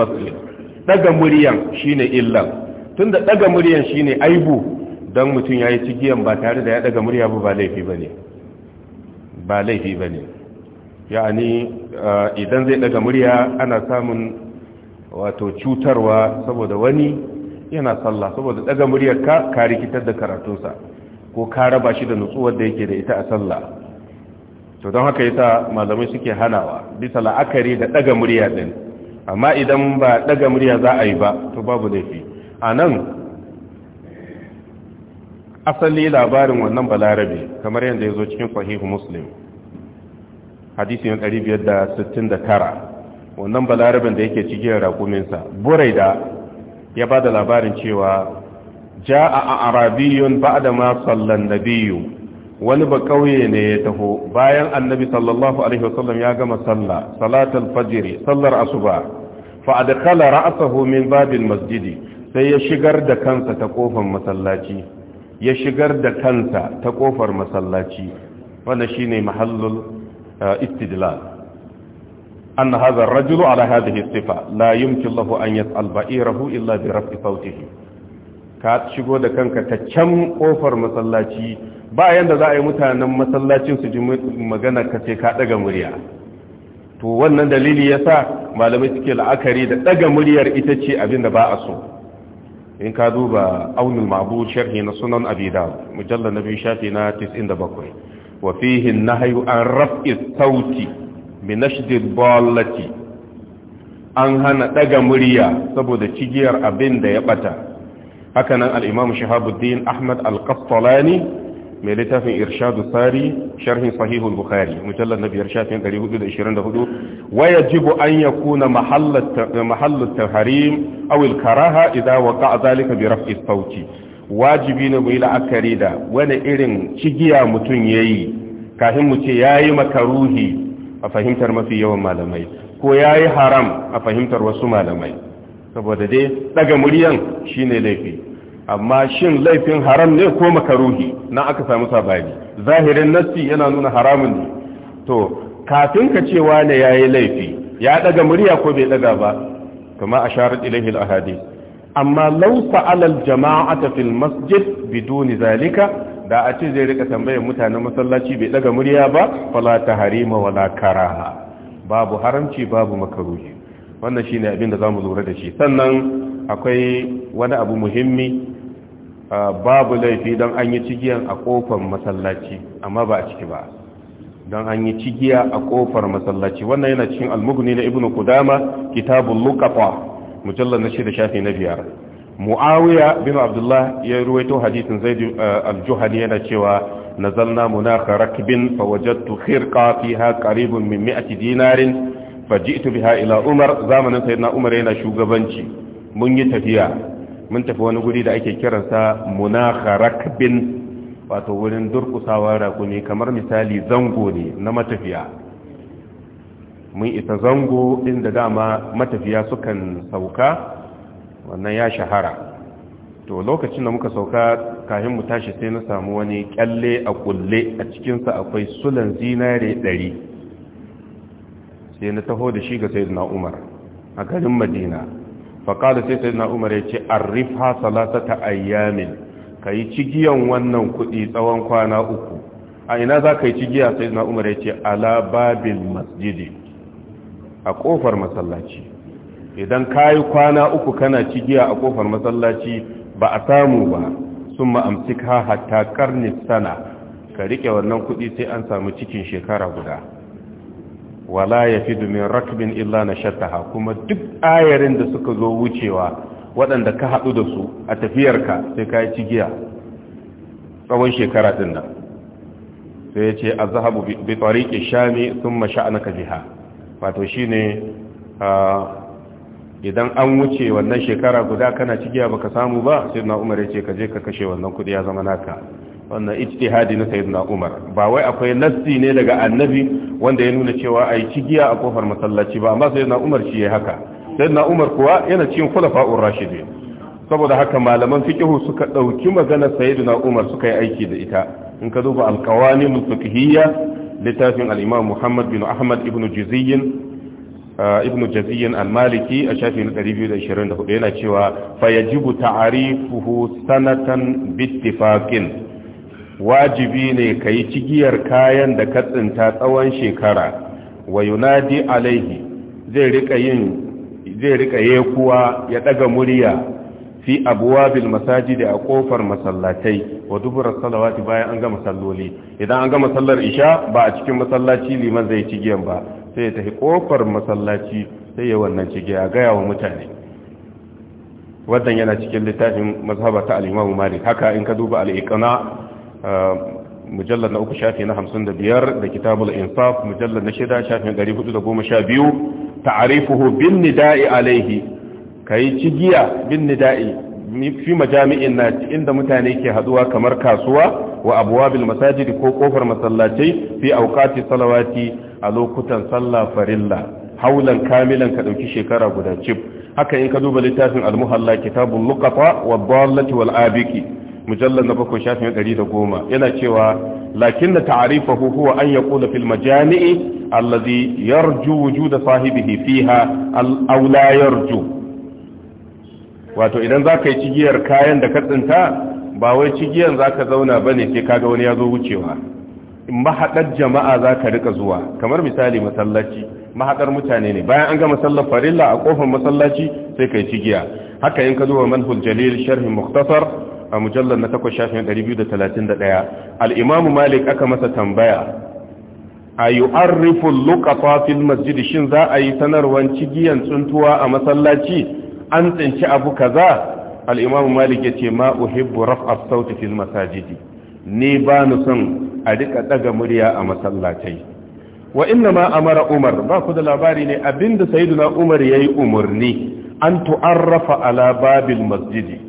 daga muryan shi ne illar tun da daga muryan shi ne aibu don mutum ya yi cigiyan ba tare da ya daga murya ba laifi ba ne ba laifi ba ne ya'ani idan zai daga murya ana samun wato cutarwa saboda wani yana sallah saboda daga muryar ka ka rikitar da karatunsa ko ka raba shi da nutsuwar da yake da ita a sallah to don haka yasa malamai suke hanawa bisa la'akari da daga murya din amma idan ba daga murya za a yi ba to babu laifi a nan asali labarin wannan balarabe kamar yadda ya zo cikin sahihu muslim hadisiyan 569 wannan balarabin da yake cikin rakuminsa burai da ya ba da labarin cewa ja a arabiyun ba da masallan biyu wani ba kauye ne ya taho bayan annabi sallallahu alaihi wasallam ya gama sallah salatul fajiri sallar asuba fa adkhala ra'sahu min babil masjidi sai ya shigar da kansa ta kofar masallaci ya shigar da kansa ta kofar masallaci wannan shine mahallul eh, istidlal أن هذا الرجل على هذه الصفة لا يمكن له أن يسأل بئيره إلا برفع صوته ka shigo da kanka ta can kofar masallaci ba yanda za a yi mutanen masallacin su ji magana ka ce ka daga murya to wannan dalili yasa malamai suke la'akari da daga muryar ita ce abinda da ba so in ka duba aunin mabu sharhi na sunan abi dawud mujallal nabi shafi na 97 wa fihi an nahyu an raf'i sauti binashdid ballati an hana daga murya saboda cigiyar abin da ya bata hakanan al'imam imam shahabuddin ahmad al-qastalani mai littafin irshadu sari sharhin sahihul bukhari mujallad na biyar shafin 424 an ya kuna tahrim harim awil karaha idha waqa'a dhalika bi raf'i sauti wajibi ne mu yi la'akari da wani irin cigiya mutum yayi kafin mu ce yayi makaruhi a fahimtar mafi yawan malamai ko ya yi haram a fahimtar wasu malamai saboda dai daga muryan shine laifi amma shin laifin haram ne ko makaruhi na aka samu sabani zahirin nassi yana nuna haramun ne to kafin ka cewa ne ya yi laifi ya daga murya ko bai daga ba kama a sharar ilahil ahadi amma lausa alal jama'ata fil masjid biduni zalika da a ce zai rika tambayar mutanen masallaci bai daga murya ba fala ta harima wala karaha babu haramci babu makaruhi wannan shine abin da zamu lura da shi sannan akwai wani abu muhimmi babu laifi don an yi cigiyan a kofar masallaci amma ba a ciki ba don an yi cigiya a kofar masallaci wannan yana cikin almugni na ibnu kudama kitabul luqata mujallal na shida shafi na biyar muawiya bin abdullah ya ruwaito hadisin zaid eh, al-juhani yana cewa nazalna munaka rakbin fawajadtu khirqa fiha qaribun min 100 faji'tu biha ila umar zamanin sayyidina umar yana shugabanci mun yi tafiya mun tafi wani guri da ake kiransa munaka rakbin wato wurin durkusawa rakumi kamar misali zango ne na matafiya mun isa zango inda dama matafiya sukan sauka wannan ya shahara to lokacin da muka sauka kahin mu tashi sai na samu wani kyalle a kulle a cikinsa akwai sulan zinare ɗari sai na taho da shi ga sayyidina umar a garin madina faƙada sai sayyidina umar ya ce arrifa ta ayyamin ka yi cigiyan wannan kuɗi tsawon kwana uku a ina za ka yi cigiya sayyidina umar ya ce ala babin masjidi a ƙofar masallaci idan kayi kwana uku kana cigiya a kofar masallaci ba a samu ba sun ma'amsika hatta karni sana ka rike wannan kuɗi sai an samu cikin shekara guda wala ya fi domin rakbin illa na shattaha kuma duk ayarin da suka zo wucewa waɗanda ka haɗu da su a tafiyarka sai ka yi cigiya tsawon shekara ɗin nan sai ya ce a zahabu bi sha sun masha'anaka jiha wato shi ne ah, idan an wuce wannan shekara guda kana ya baka samu ba sai na umar ya ce ka je ka kashe wannan kudi ya zama naka wannan ijtihadi na sayyidina umar ba wai akwai nassi ne daga annabi wanda ya nuna cewa ai cigiya a kofar masallaci ba amma sayyidina umar shi yayi haka sayyidina umar kuwa yana cikin khulafa'ur rashidin saboda haka malaman fiqhu suka dauki maganar sayyidina umar suka yi aiki da ita in ka duba al qawani al-fiqhiyya littafin al-imam muhammad bin ahmad ibn juzayyin ibn jaziyyin al-maliki a shafi na 224 yana cewa fayajibu ta'arifuhu sanatan bittifaqin wajibi ne kai cigiyar kayan da ka tsinta tsawon shekara wa yunadi alaihi zai rika yin zai ya ɗaga murya fi abwabil masajid a kofar masallatai wa dubura salawati bayan an gama salloli idan an gama sallar isha ba a cikin masallaci liman zai cigiyan ba sai ya tafi kofar masallaci sai ya wannan cike a gaya wa mutane wannan yana cikin littafin mazhaba ta al'imamu Malik haka in ka duba al'iƙana uh, mujallar na uku shafi na hamsin da biyar da kitabul insaf mujallar na shida shafi 412 ta'rifuhu bin nida'i ka yi cigiya bin nida'i fi majami'in na inda mutane ke haduwa kamar kasuwa wa bil masajidi ko kofar masallacai fi aukati salawati a lokutan sallah farilla haulan kamilan ka dauki shekara guda cif haka in ka duba littafin al-muhalla kitabul luqata wa dallati wal abiki mujallar na bakwai shafin 110 yana cewa lakinna ta'rifahu huwa an yaqula fil majami'i alladhi yarju wujuda sahibihi fiha aw la yarju wato idan zaka yi cigiyar kayan da ka tsinta ba wai cigiyan zaka zauna bane sai kaga wani ya zo wucewa mahaɗar jama'a za ka rika zuwa kamar misali masallaci mahaɗar mutane ne bayan an ga masallar farilla a ƙofar masallaci sai ka yi cigiya haka yin ka zuwa manhul jalil sharhin muktasar a mujallar na takwas shafin 231 al'imamu malik aka masa tambaya a yi arrifin lukata fil masjid shin za a yi sanarwar cigiyan tsuntuwa a masallaci an tsinci abu kaza al'imamu malik ya ce ma uhibbu raf'a sauti fil masajidi ni ba ni son a rika daga murya a masallatai wa inna ma amara umar ba ku da labari ne abinda sayyiduna umar yayi umurni an tu'arrafa ala babil masjidi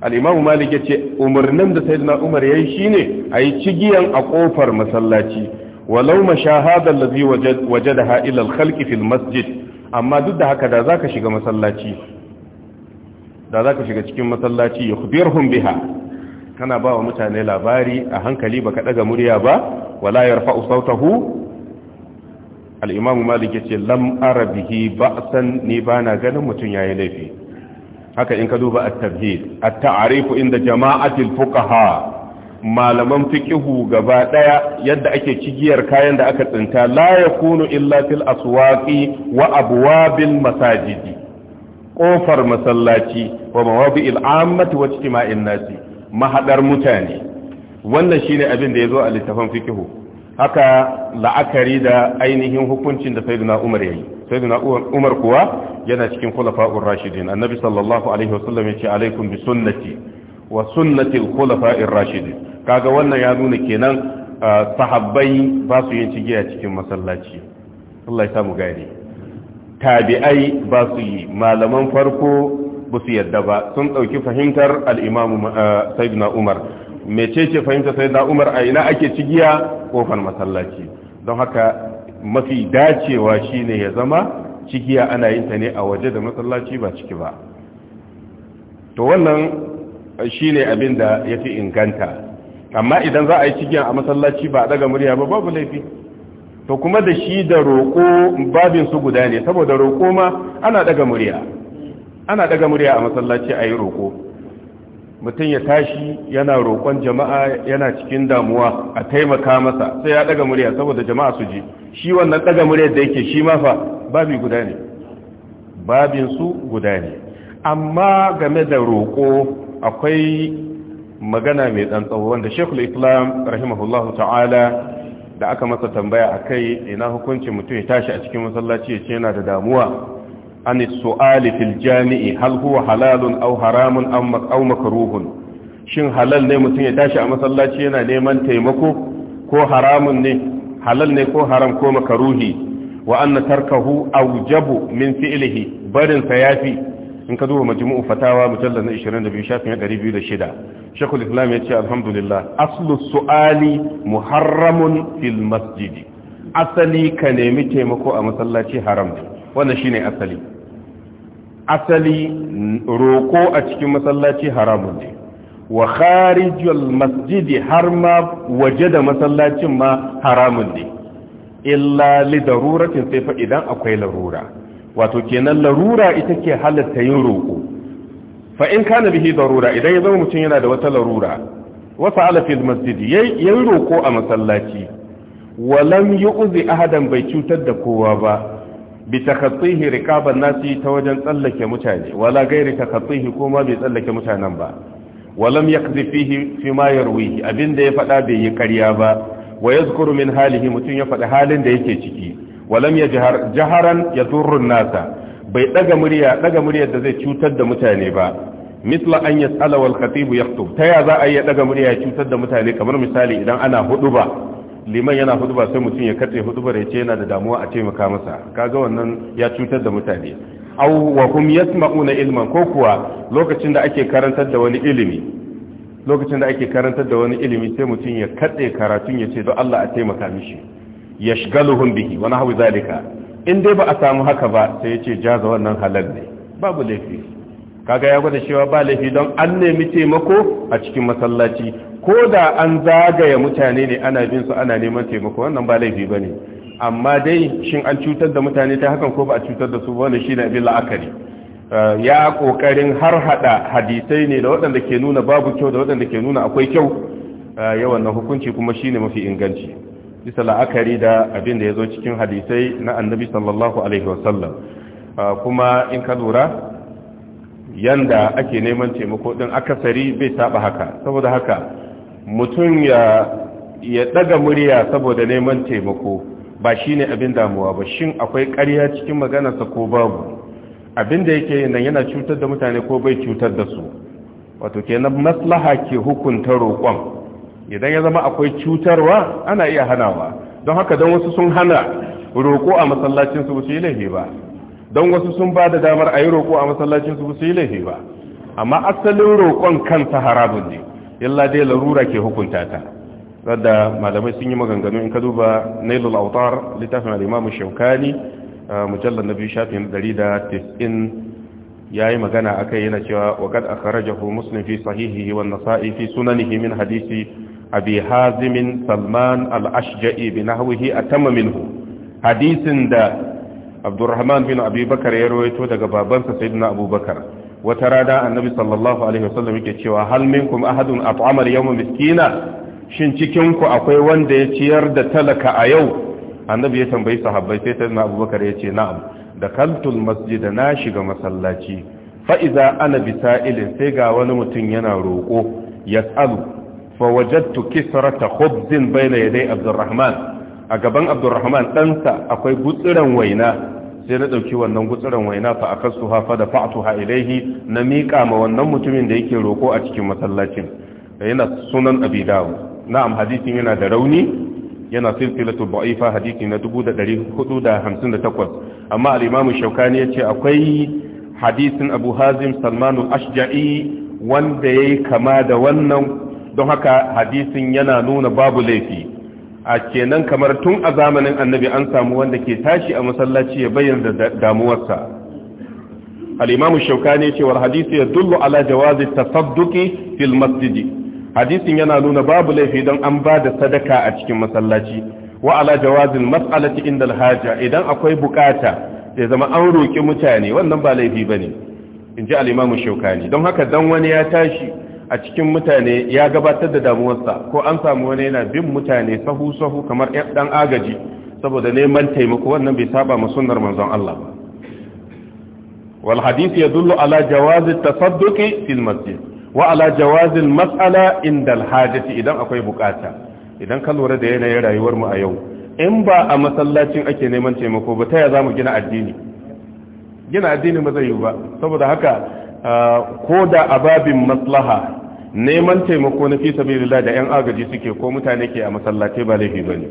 al-imam malik yace umurnin da sayyiduna umar yayi shine ayi cigiyan a kofar masallaci walau mashahada allazi wajadaha ila al-khalqi fil masjid amma duk da haka da zaka shiga masallaci da zaka shiga cikin masallaci yukhbirhum biha kana ba wa mutane labari a hankali baka daga murya ba wala yarfa'u sautahu al-imam malik yace lam arabihi ba'san ni bana ganin mutun yayi laifi haka in ka duba at-tabhid at-ta'rif inda jama'atil fuqaha malaman fiqihu gaba daya yadda ake cigiyar kayan da aka tsinta la yakunu illa fil aswaqi wa abwabil masajidi kofar masallaci wa mawabi'il ammati wa ijtima'in nasi mahadar mutane wannan shine abin da ya zo a littafin fikihu haka la'akari da ainihin hukuncin da sayyidina umar yayi sayyidina umar kuwa yana cikin khulafa'ur rashidin annabi sallallahu alaihi wasallam ya ce alaikum bi sunnati wa sunnati al-khulafa'ir rashidin kaga wannan ya nuna kenan sahabbai ba su yin cigiya cikin masallaci Allah ya samu gari tabi'ai ba su yi malaman farko ba su yadda ba sun ɗauki fahimtar al'imamu uh, sayyidina umar mecece fahimtar sayyidina umar a ina ake cigiya kofar masallaci don haka mafi dacewa shine ya zama cigiya ana yin ta ne a waje da masallaci ba ciki ba to wannan shine abin da ya fi inganta amma idan za a yi cigiya a masallaci ba a daga murya ba babu laifi to kuma da shi da roƙo babin su guda ne saboda roƙo ma ana daga murya ana daga murya a masallaci a yi roƙo mutum ya tashi yana roƙon jama'a yana cikin damuwa a taimaka masa sai ya daga murya saboda jama'a su je, shi wannan daga murya da yake shi mafa babi guda ne babin guda ne amma game da roƙo akwai magana mai ɗan tsawo wanda shekul islam rahimahullahu ta'ala da aka masa tambaya a kai ina hukuncin mutum ya tashi a cikin masallaci ya ce yana da damuwa عن السؤال في الجامع هل هو حلال أو حرام أو مكروه شن حلال ne mutum ya tashi a masallaci yana neman taimako ko haramun ne halal ne ko haram ko makaruhi wa anna tarkahu awjabu min fi'lihi barin sa yafi in ka duba majmu'u fatawa mujallal 22 shafin 206 shekul islam ya ce alhamdulillah aslu su'ali muharramun fil masjidi asali ka nemi taimako a masallaci haram wannan shine asali asali roko a cikin masallaci haramun ne wa kharijul masjidi har ma waje da masallacin ma haramun ne illa li daruratin sai fa idan akwai larura wato kenan larura ita ke halatta yin roko fa in kana bihi darura idan ya zama mutum yana da wata larura wa fa'ala fil masjidi yayin roko a masallaci walam yu'zi ahadan bai cutar da kowa ba bi takatsihi riqaban nasi ta wajen tsallake mutane wala gairi takatsihi kuma bai tsallake mutanen ba walam yakzi fihi fi ma yarwihi abinda ya faɗa bai yi ƙarya ba wa yazkuru min halihi mutum ya faɗi halin da yake ciki walam ya jaharan yadurru nasa bai daga murya daga murya da zai cutar da mutane ba misla an yas'ala wal khatib yaktub ta ya za a yi daga murya ya cutar da mutane kamar misali idan ana huɗu ba liman yana ba sai mutum ya katse ba ya ce yana da damuwa a taimaka masa kaga wannan ya cutar da mutane aw wa hum yasma'una ilman ko kuwa lokacin da ake karantar da wani ilimi lokacin da ake karantar da wani ilimi sai mutum ya katse karatun ya ce don Allah a taimaka mishi yashgaluhum bihi wa nahwi zalika in dai ba a samu haka ba sai ya ce jaza wannan halal ne babu laifi kaga ya gwada cewa ba laifi don an nemi taimako a cikin masallaci ko da an zagaya mutane ne ana bin su ana neman taimako wannan ba laifi ba ne amma dai shin an cutar da mutane ta hakan ko ba a cutar da su ba shi shine abin la'akari eh, ya kokarin har hada hadisai ne da waɗanda ke nuna babu kyau da waɗanda ke nuna akwai kyau eh, yawan hukunci kuma shine mafi inganci bisa la'akari da abin da ya zo cikin hadisai na annabi sallallahu alaihi wasallam eh, kuma in ka lura yanda ake neman taimako din akasari bai saba haka saboda haka mutum ya ɗaga murya saboda neman taimako ba shi ne abin damuwa ba shin akwai ƙarya cikin maganarsa ko babu abin da yake nan yana cutar da mutane ko bai cutar da su wato ke na maslaha ke hukunta roƙon idan ya zama akwai cutarwa ana iya hanawa don haka don wasu sun hana roƙo a masallacin su yi laifi ba don wasu sun ba da damar a yi roƙo a masallacin su yi laifi ba amma asalin roƙon kansa harabin ne illa dai larura ke hukunta ta wadda malamai sun yi maganganu in ka duba nailul autar littafin al'imamu shaukani mujallar na biyu shafin da ya yi magana a kai yana cewa Wakad a karajahu muslim fi sahihihi wa nasa'i fi sunanihi min hadisi abi hazimin salman al-ashja'i bi nahwihi atamma minhu hadisin da abdurrahman bin abubakar ya rawaito daga babansa sayyidina abubakar wata rada annabi sallallahu alaihi wasallam yake cewa hal minkum ahadun at'amar yawma miskina shin cikin ku akwai wanda ya ciyar da talaka a yau annabi ya tambayi sahabbai sai sai na abubakar ya ce na'am da kaltul masjid na shiga masallaci fa iza ana bisailin sai ga wani mutum yana roko yas'alu fa wajadtu kisrata khubzin bayna yaday abdurrahman a gaban abdurrahman ɗansa akwai butsiran waina sai na ɗauki wannan gutsuran waina fa a kasu fa da fa'atu ha ilaihi na miƙa ma wannan mutumin da yake roƙo a cikin masallacin yana sunan abi dawo na'am hadisin yana da rauni yana silsilatu ba'ifa hadisi na 1458 amma al-imamu shaukani yace akwai hadisin abu hazim salman al-ashja'i wanda yayi kama da wannan don haka hadisin yana nuna babu laifi a kenan kamar tun a zamanin annabi an samu wanda ke tashi a masallaci ya bayyana damuwarsa al-imamu shaukani cewar hadisi ya dullu ala jawazi tasadduqi fil masjid hadisin yana nuna babu laifi don an ba da sadaka a cikin masallaci wa ala jawazin mas'alati inda al-haja idan akwai bukata ya zama an roki mutane wannan ba laifi bane in ji al-imamu shaukani don haka dan wani ya tashi a cikin mutane ya gabatar da damuwarsa ko an samu wani yana bin mutane sahu sahu kamar ɗan agaji saboda neman taimako wannan bai saba ma sunnar manzon Allah ba wal ya dullo ala jawaz at fil masjid wa ala jawaz masala inda al idan akwai bukata idan ka lura da yanayin rayuwar mu a yau in ba a masallacin ake neman taimako ba ta ya zamu gina addini gina addini ba zai yi ba saboda haka ah, ko da ababin maslaha neman taimako na fi sabilillah da yan agaji suke ko mutane ke a masallatai ba laifi bane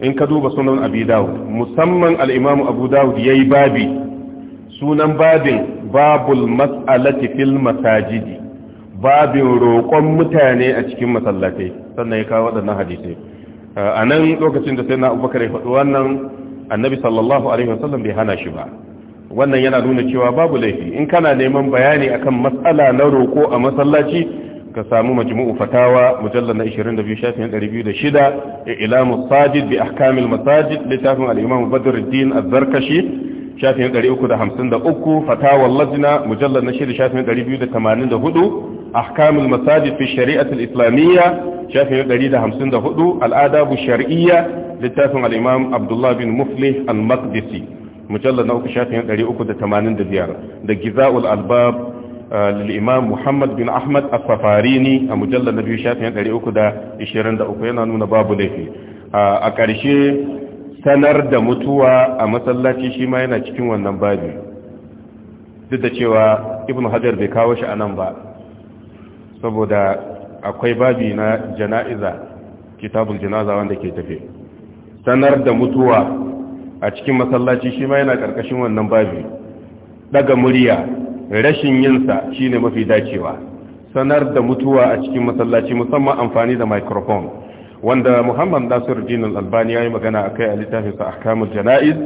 in ka duba sunan abi dawud musamman al-imam abu dawud yayi babi sunan babin babul mas'alati fil masajidi babin roƙon mutane a cikin masallatai sannan ya kawo waɗannan hadisai a nan lokacin da sai na abubakar ya faɗi wannan annabi sallallahu alaihi wasallam bai hana shi ba wannan yana nuna cewa babu laifi in kana neman bayani akan matsala na roko a masallaci ka samu majmu'u fatawa mujallar na 22 shafin 206 ilamu sajid bi ahkamil masajid littafin al-imam badruddin az-zarkashi shafin 353 fatawa lajna mujallar na 6 shafin 284 ahkamul masajid fi shari'atul islamiyya shafin 154 al-adabu shar'iyya littafin al-imam abdullah bin muflih al-maqdisi mujallar na 3 shafin 385 da giza'ul albab للإمام محمد بن أحمد الصفاريني مجلد نبي شافي عند أريوك دا إشيران دا nuna نونا laifi. ليفي أكارشي sanar da mutuwa a masallaci shi yana cikin wannan babi duk da cewa ibn hajar bai kawo shi anan nan ba saboda akwai babi na jana'iza kitabul janaza wanda ke tafe sanar da mutuwa a cikin masallaci shi yana ƙarƙashin wannan babi daga murya rashin yinsa ne mafi dacewa sanar da mutuwa a cikin masallaci musamman amfani da microphone wanda muhammad nasir dinin albani ya yi magana a kai a littafinsa a kamun jana'iz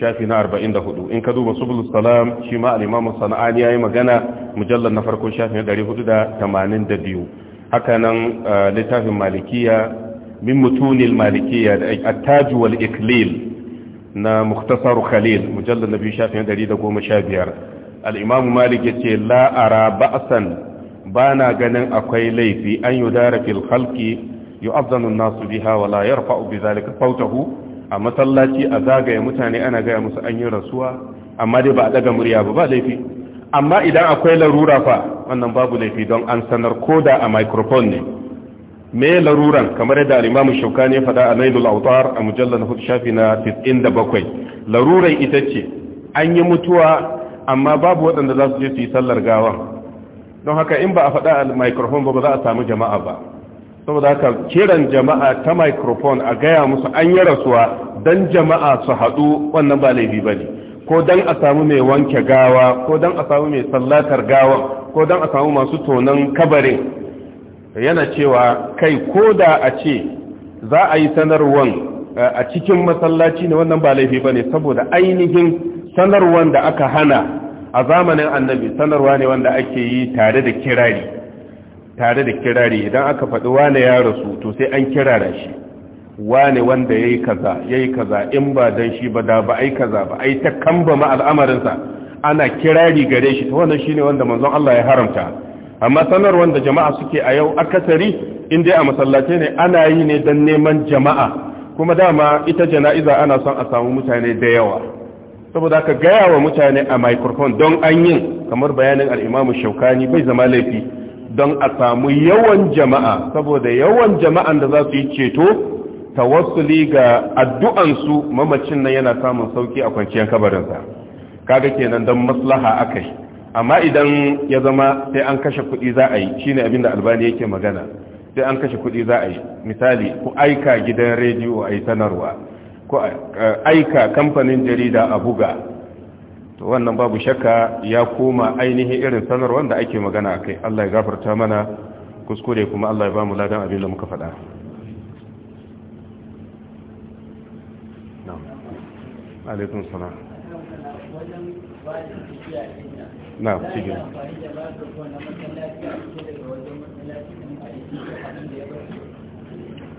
shafi na 44 in ka duba subul salam shi ma alimamun sana'ani ya yi magana mujallar na farko shafi na 482 haka nan uh, littafin malikiya min mutunin malikiya da attajuwal iklil na muktasar khalil mujallar na biyu shafi na 115 al'imamu malik ya ce la'ara ba'asan ba na ganin akwai laifi an yi dara fil halki yi abzanun nasu biha wa layar fa'u bi zalika fautahu a masallaci a zagaye mutane ana gaya musu an rasuwa amma dai ba a daga murya ba ba laifi amma idan akwai larura fa wannan babu laifi don an sanar koda a microphone ne me laruran kamar yadda al-imamu shaukani ya faɗa a nailul autar a mujallar hudu shafi na bakwai laruran ita ce an yi mutuwa amma babu waɗanda za su je su yi sallar gawan don haka in ba a faɗa a microphone ba ba za a samu jama'a ba saboda haka kiran jama'a ta microphone a gaya musu an yi rasuwa don jama'a su haɗu wannan ba laifi ba ne ko don a samu mai wanke gawa ko don a samu mai sallatar gawa ko don a samu masu tonon kabarin yana cewa kai ko da a ce za a yi sanarwar eh, a cikin masallaci ne wannan ba laifi ba ne saboda ainihin sanarwar da aka hana a zamanin annabi sanarwa ne wanda ake yi tare da kirari tare da kirari idan aka faɗi wane ya rasu to sai an kirara shi wane wanda ya yi kaza ya yi kaza in ba don shi ba da ba ai kaza ba ai ta kamba ma al'amarinsa ana kirari gare shi ta wannan shi ne wanda manzon Allah ya haramta amma sanarwar da jama'a suke a yau akasari in dai a masallace ne ana yi ne don neman jama'a kuma dama ita jana'iza ana son a samu mutane da yawa saboda ka gaya wa mutane a microphone don an yin kamar bayanin al'imamu shaukani bai zama laifi don a samu yawan jama'a saboda yawan jama'an da za su yi ceto tawassuli ga addu'ansu mamacin nan yana samun sauki a kwanciyar kabarinsa kaga kenan don maslaha akai amma idan ya zama sai an kashe kuɗi za a yi shine abin da albani yake magana sai an kashe kuɗi za a yi misali ku aika gidan rediyo a yi sanarwa ko aika kamfanin jarida a buga to wannan babu shakka ya koma ainihin irin sanar wanda ake magana a kai Allah ya gafarta mana kuskure kuma Allah ya ba mu ladan abin da muka faɗa alaikun cikin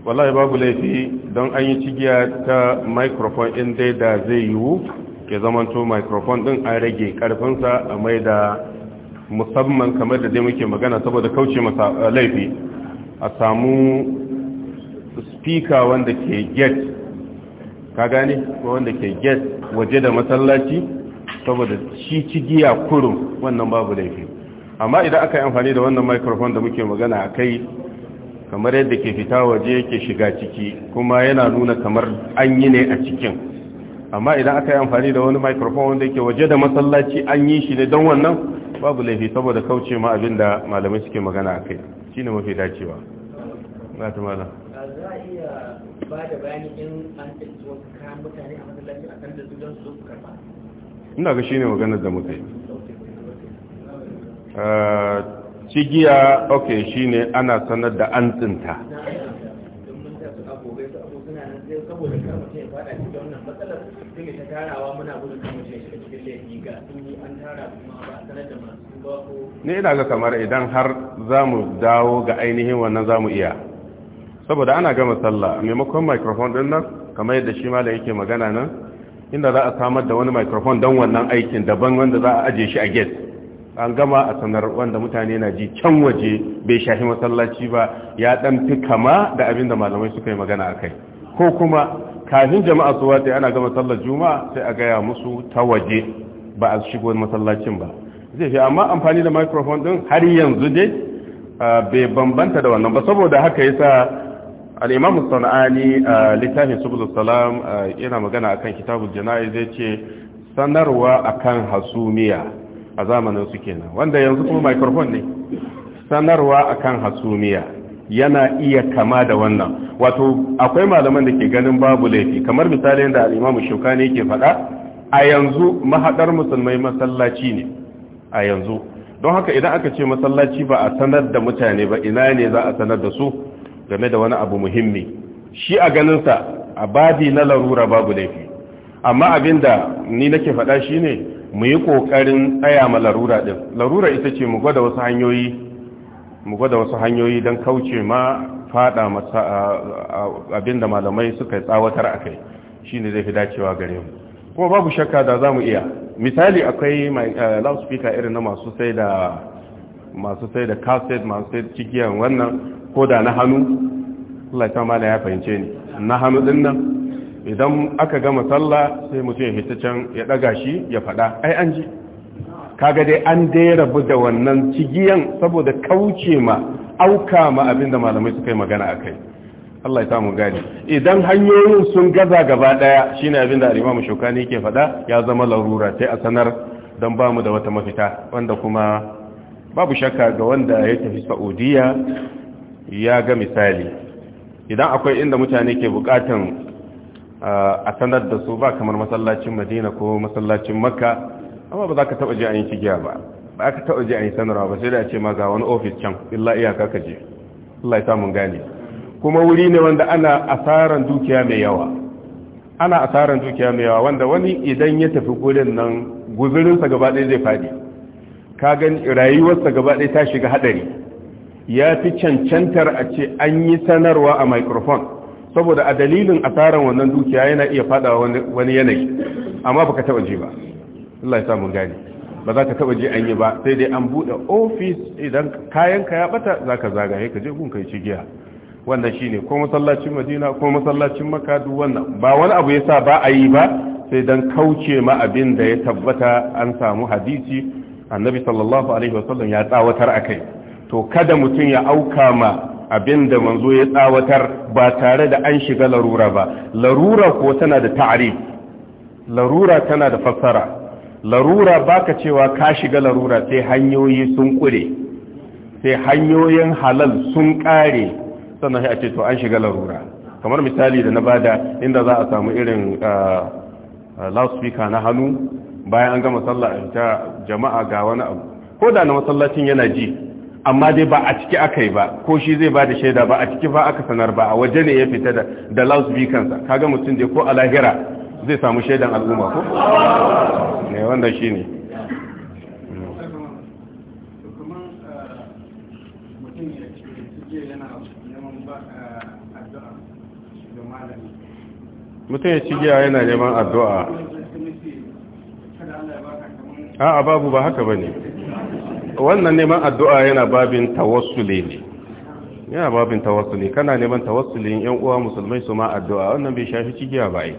wallahi babu laifi don an yi cigiya ta microphone in dai da zai yiwu ke zamanto microphone din an rage karfinsa a mai da musamman kamar da dai muke magana saboda kauce masa eh, laifi a samu speaker wanda ke get ka gane ko wanda ke get waje da masallaci saboda shi cigiya kurum wannan babu laifi amma idan aka yi amfani da wannan microphone da muke magana a kai kamar yadda ke fita waje yake shiga ciki kuma yana nuna kamar an yi ne a cikin amma idan aka yi amfani da wani microphone wanda yake waje da masallaci an yi shi ne don wannan babu laifi saboda kauce ma abin da malamai suke magana a kai shi ne mafi dacewa za ta mala ina ga shi ne maganar da muka yi ah, Cigiya ok shi ne ana sanar da an tsinta ne ina ga kamar idan har za mu dawo ga ainihin wannan za mu iya saboda ana gama sallah maimakon microphone din nan kamar yadda shi mala yake magana nan inda za a samar da wani microphone don wannan aikin daban wanda za a aje shi a gate an gama a sanar wanda mutane na ji can waje bai shafi masallaci ba ya dan fi kama da abin da malamai suka yi magana a kai ko kuma kafin jama'a su wata ana gama sallar juma'a sai a gaya musu ta waje ba a shigo masallacin ba zai fi amma amfani da microphone din har yanzu dai bai bambanta da wannan ba saboda haka yasa al-imam sanani littafin subul salam yana magana akan kitabul jana'iz yace sanarwa akan hasumiya a zamanin su kenan wanda yanzu kuma microphone ne sanarwa a kan hasumiya yana iya kama da wannan wato akwai malaman da ke ganin babu laifi kamar misali da alimam shuka Shukani yake faɗa a yanzu mahaɗar musulmai masallaci ne a yanzu don haka idan aka ce masallaci ba a sanar da mutane ba ina ne za a sanar da su game da wani abu muhimmi shi a ganinsa a badi na larura babu laifi amma abin da ni nake faɗa shine mu yi ƙoƙarin tsaya ma larura ɗin larura ita ce mu gwada wasu hanyoyi mu gwada wasu hanyoyi don kauce ma fada masa abinda malamai suka tsawatar a kai shi ne zai fi dacewa gare mu kuma babu shakka da za mu iya misali akwai eh, loudspeaker irin na masu sai da masu sai da cassette masu sai cikiyar wannan ko da na hannu Allah ya ya fahimce ni na hannu din nan idan aka gama sallah sai mutum ya fita can ya ɗaga shi ya faɗa, ai an ji kaga dai an dai rabu da wannan cigiyan saboda kauce ma auka ma abinda malamai suka yi magana a kai. Allah ya mu gani idan hanyoyin sun gaza gaba daya shine abinda al-Imam ne yake faɗa, ya zama larura sai a sanar dan mu da wata mafita wanda kuma babu shakka ga wanda ya tafi Saudiya ya ga misali idan akwai inda mutane ke bukatan Ah, a sanar da su ba kamar masallacin madina ko masallacin makka amma ba za ka taba ji an yi cigiya ba ba ka taba ji an yi sanarwa ba sai da ce ma ga wani ofis can illa iyaka ka je Allah ya samu gane kuma wuri ne wanda ana asaran dukiya mai yawa ana asaran dukiya mai yawa wanda wani idan ya tafi gurin nan guzurinsa gaba ɗaya zai faɗi ka gani rayuwarsa gaba ɗaya ta shiga haɗari ya fi cancantar a ce an yi sanarwa a microphone saboda a dalilin asaran wannan dukiya yana iya fada wani yanayi amma baka taba ji ba Allah ya samu gani ba za ka taba ji an yi ba sai dai an bude ofis idan kayan ka ya bata zaka zagaye ka je gun kai cigiya wannan shine ko masallacin Madina ko masallacin Makka duk wannan ba wani abu yasa ba a yi ba sai dan kauce ma abin da ya tabbata an samu hadisi annabi sallallahu alaihi wasallam ya tsawatar akai to kada mutum ya auka ma Abin da manzo ya tsawatar ba tare da an shiga larura ba larura ko tana da ta'arif larura tana da fassara larura baka cewa ka shiga larura sai hanyoyi sun kure sai hanyoyin halal sun kare sannan sai a ce to an shiga larura kamar misali da na bada inda za a samu irin ah, ah, loudspeaker na hannu bayan an gama sallah a jama'a ga wani abu ko da na masallacin yana ji amma dai ba a ciki aka yi ba ko shi zai ba da shaida ba a ciki ba aka sanar ba a waje ne ya fita da da kansa kaga mutum dai ko a lahira zai samu shaidan al'umma ko ne eh, wanda shi ne mutum ya cigiya yana neman addu'a a babu ba haka ba ne wannan neman addu'a yana babin tawassuli ne yana babin tawassuli kana neman tawassuli yan uwa musulmai su ma addu'a wannan bai shafi cigiya ba yi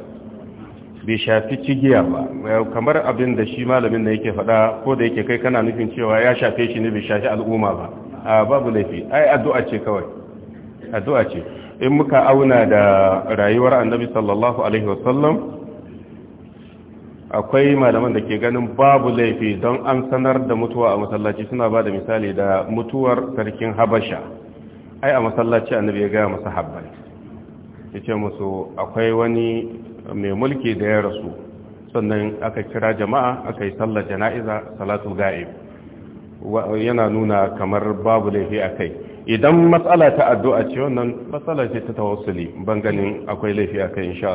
bai shafi cigiya ba kamar abin da shi malamin da yake faɗa ko da yake kai kana nufin cewa ya shafe shi ne bai shafi al'umma ba a babu laifi ai addu'a ce kawai addu'a ce in muka auna da rayuwar annabi sallallahu alaihi wasallam akwai malaman da ke ganin babu laifi don an sanar da mutuwa a masallaci suna ba da misali da mutuwar sarkin habasha ai a masallaci annabi ya gaya masa habbal ya ce musu akwai wani mai mulki da ya rasu sannan aka kira jama'a aka yi sallar jana'iza salatu ga'ib yana nuna kamar babu laifi a kai idan matsala ta addu'a ce wannan matsala ce ta tawassuli ban ganin akwai laifi a kai insha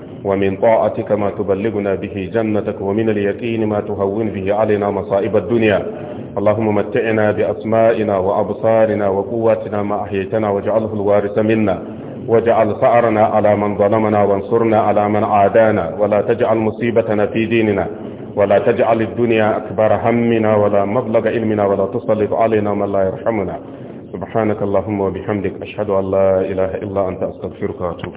ومن طاعتك ما تبلغنا به جنتك ومن اليقين ما تهون به علينا مصائب الدنيا اللهم متعنا بأسمائنا وأبصارنا وقواتنا ما أحيتنا واجعله الوارث منا واجعل ثأرنا على من ظلمنا وانصرنا على من عادانا ولا تجعل مصيبتنا في ديننا ولا تجعل الدنيا أكبر همنا ولا مبلغ علمنا ولا تسلط علينا من لا يرحمنا سبحانك اللهم وبحمدك أشهد أن لا إله إلا أنت أستغفرك وأتوب